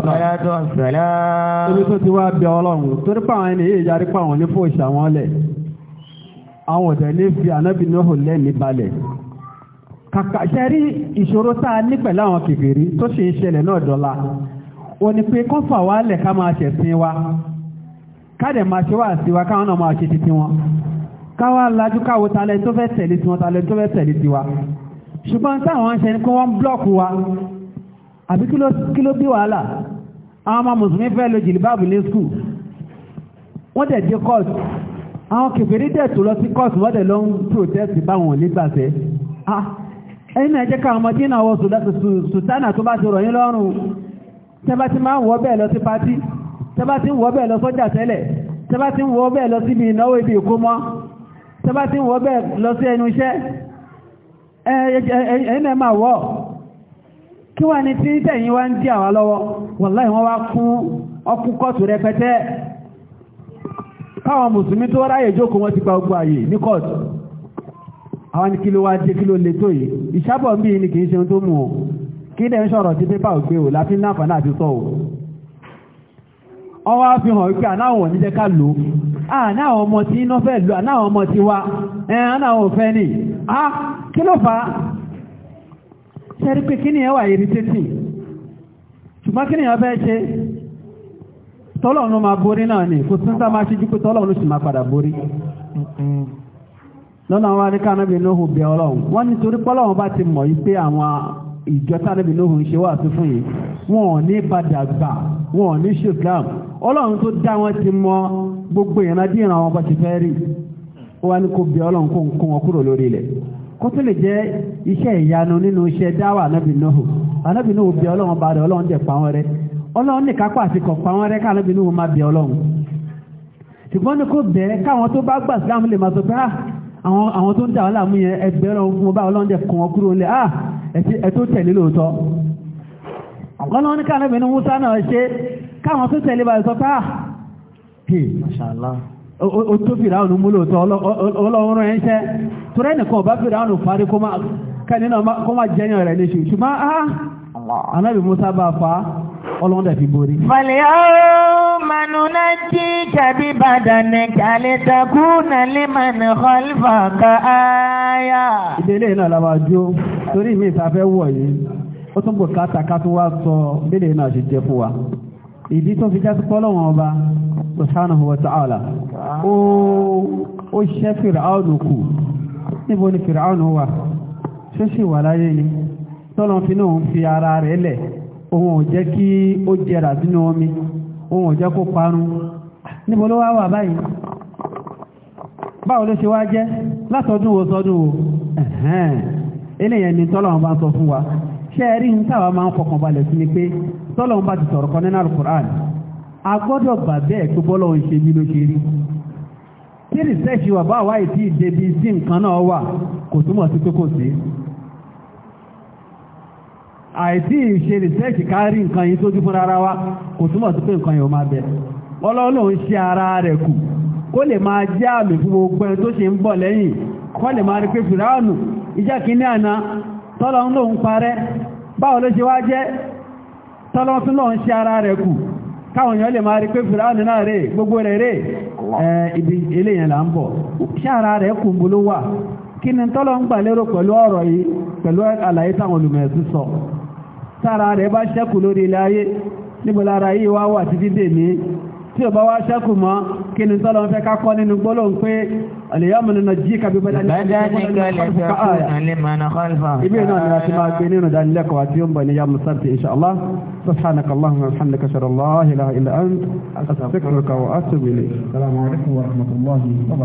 ibi tó ti wá bẹ ọlọ́run torí pàwọn ẹni yìí yarí pàwọn ní fún òṣà wọn lẹ̀ àwọn ọ̀dẹ̀ ní fi ànábì Nuhu lẹ́ni balẹ̀ kàkà ṣẹ́rí ìṣòro tá a ní pẹ̀lú àwọn kìfìrí tó ṣe ń ṣẹlẹ̀ náà dọ́la ó ní pé kó fà wá lẹ̀ ká máa ṣẹ̀sìn wa káàdẹ̀ máa ṣe wá sí wa káwọn náà máa ṣe titi wọn káwá lajú káwo talẹ̀ tó fẹ́ tẹ̀lé tiwọn talẹ̀ tó fẹ́ tẹ̀lé tiwa ṣùgbọ́n táwọn ń ṣe ni kó wọ́n blọ́ọ̀kù wa àbí kí ló bí wàhálà àwọn ọmọ mùsùlùmí fẹ́ lo jìlìbáàbù ní skul wọ́n dẹ̀ dé court àwọn kèfèrí dẹ̀ tó lọ sí court wọ́n dẹ̀ lọ ń protest báwọn onígbàfẹ́ ẹ̀yìn náà jẹ́ káwọn ọmọdé náà wọ sùtánà tó bá ti rọ̀ yín lọ́rùn tẹ́bá ti máa ń wọ́ bẹ́ẹ̀ lọ sí pátí tẹ́bá ti ń wọ́ bẹ́ẹ̀ lọ sọ́jà tẹ́lẹ̀ tẹ́bá ti ń wọ́ bẹ́ẹ̀ lọ síbi ìnáwó ibi ìkómọ́ tẹ́bá ti ń wọ́ bẹ́ẹ̀ lọ sí ẹnu iṣẹ́ ẹ̀yìn náà máa wọ́ kí wọ́n ní tí tẹ̀yìn wá ń dí àwọn lọ́wọ́ wàláhì wọ́n wá kún ọkú kọ́ọ̀tù rẹpẹtẹ káwọn mùsùlùmí tó ráyè jókòó wọn ti pa ogun ayé ní kọ́ọ̀tù àwọn ní kí ló wá dé kí ló le tó yìí ìṣàbọ̀ ń bí ní kìí ṣe tó mú o kí dẹ̀ ń sọ̀rọ̀ tí pépà ògbé o láti ní àǹfààní àti hàn wípé lò ó ọmọ ọmọ ṣẹ́rí pé kí ni ẹwà ìrí títì ṣùgbọ́n kí ni ọ bẹ́ẹ̀ ṣe tọ́lọ̀nù máa borí náà ni kò tún sáà máa ṣíjú pé tọ́lọ̀nù sì máa padà borí lọ́nà àwọn aríkà náà bí lóhùn bí ọlọ́run wọ́n ní torí pọ́lọ́run bá ti mọ̀ yí pé àwọn ìjọ tánàbí lóhùn ṣe wà fífún yìí wọn ò ní padà gbà wọn ò ní ṣùgbọ́n ọlọ́run tó dá wọn ti mọ gbogbo ìrìnàdí ìrànwọ́n bá ti fẹ́ rí wọn ni kò bí ọlọ́run kó ń kó wọn lórí ilẹ̀ kó tó lè jẹ́ iṣẹ́ ìyanu nínú iṣẹ́ dáwà anábì Nuhu anábì Nuhu bí ọlọ́run bá rẹ̀ ọlọ́run dẹ̀ pa wọ́n rẹ́ ọlọ́run ní kápá àti kọ̀ pa wọ́n rẹ́ kánábì Nuhu má bí ọlọ́run ṣùgbọ́n ní kó bẹ̀ẹ́ káwọn tó bá gbà sílámù lè máa sọ pé ah, àwọn tó ń dà wọ́n yẹn ẹgbẹ́ ọlọ́run fún ọba ah ẹ̀ tó tẹ̀lé lóòótọ́ ọlọ́run ní kánábì Nuhu sáà náà ṣe káwọn tó tẹ̀lé bá sọ ah, ó tó fìràánù múlò tọ́ ọlọ́run ẹ̀ṣẹ́ tó rẹ́ nìkan bá fìràánù parí kó máa jẹyàn rẹ̀ léṣe ṣùgbọ́n á ah, anábì Musa bá fa ọlọ́run dẹ̀ borí. fàlẹ́ ọ́ manu náà jí tàbí bàdànẹ̀ kàlẹ́ takú nàlẹ́ manu kọlfà ká áyà. ìdílé náà làwọn àjò torí mi ìfàfẹ́ wọ̀ yìí ó tún bò kátàkátà tó wá sọ bílẹ̀ náà ṣe jẹ fún wa ìdí tó fi jásí pọ́lọ́wọ́n ọba subhanahu wa ta'ala ó ṣẹ́ fìràánù kù níbo ni fìràánù wà ṣó sì wà láyé ni tọ́lọ́n fi náà ń fi ara rẹ̀ lẹ̀ òun ò kí ó jẹrà sínú omi ohun ò kó parun níbo ló wá wà báyìí báwo ló ṣe wá jẹ́ látọdún wo sọdún wo eléyẹn ni bá sọ fún wa ṣé ẹ táwa máa ń fọkànbalẹ̀ sí ni pé kan nínú alukur'an a gbọ́dọ̀ bà bẹ́ẹ̀ tó bọ́lọ̀ ń ṣe bí ló ṣe rí tí rìsẹ́ẹ̀ṣì wà bá wà ìdí ìdẹ́bi sí nǹkan náà wà kò túmọ̀ sí pé kò sí àìsí ìṣe rìsẹ́ẹ̀ṣì kárí nǹkan yìí sójú fún rárá wa kò túmọ̀ sí pé nǹkan yìí ó máa bẹ ọlọ́ọ̀lọ́ ń ṣe ara rẹ̀ kù kó lè máa jẹ́ àmì fún gbogbo ẹni tó ṣe ń bọ̀ lẹ́yìn kó lè máa rí pé fìránù ìjà kìíní àná tọ́lọ́ ń lòun parẹ́ báwo ló ṣe wá jẹ́ tọ́lọ́ tún lòun ṣe ara rẹ̀ kù káwọn èèyàn lè máa rí pé fìràánù náà rè gbogbo rẹ̀ rè ibi eléyàn là ń bọ̀ ṣáàrà rẹ̀ kùnbó ló wà kí ni tọ́lọ́ ń gbà lérò pẹ̀lú ọ̀rọ̀ yìí pẹ̀lú àlàyé táwọn olùmẹ̀sùn sọ sára rẹ̀ bá ṣẹ́kù lórí ilẹ̀ ayé níbo lára yìí wá wà títí dè tí ó bá wá ṣẹ́kù mọ́ kí ni tọ́lọ fẹ́ ká kọ́ nínú gbọ́lọ̀ ń pé al-yawma nunajjika bi badanika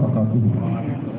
litakuna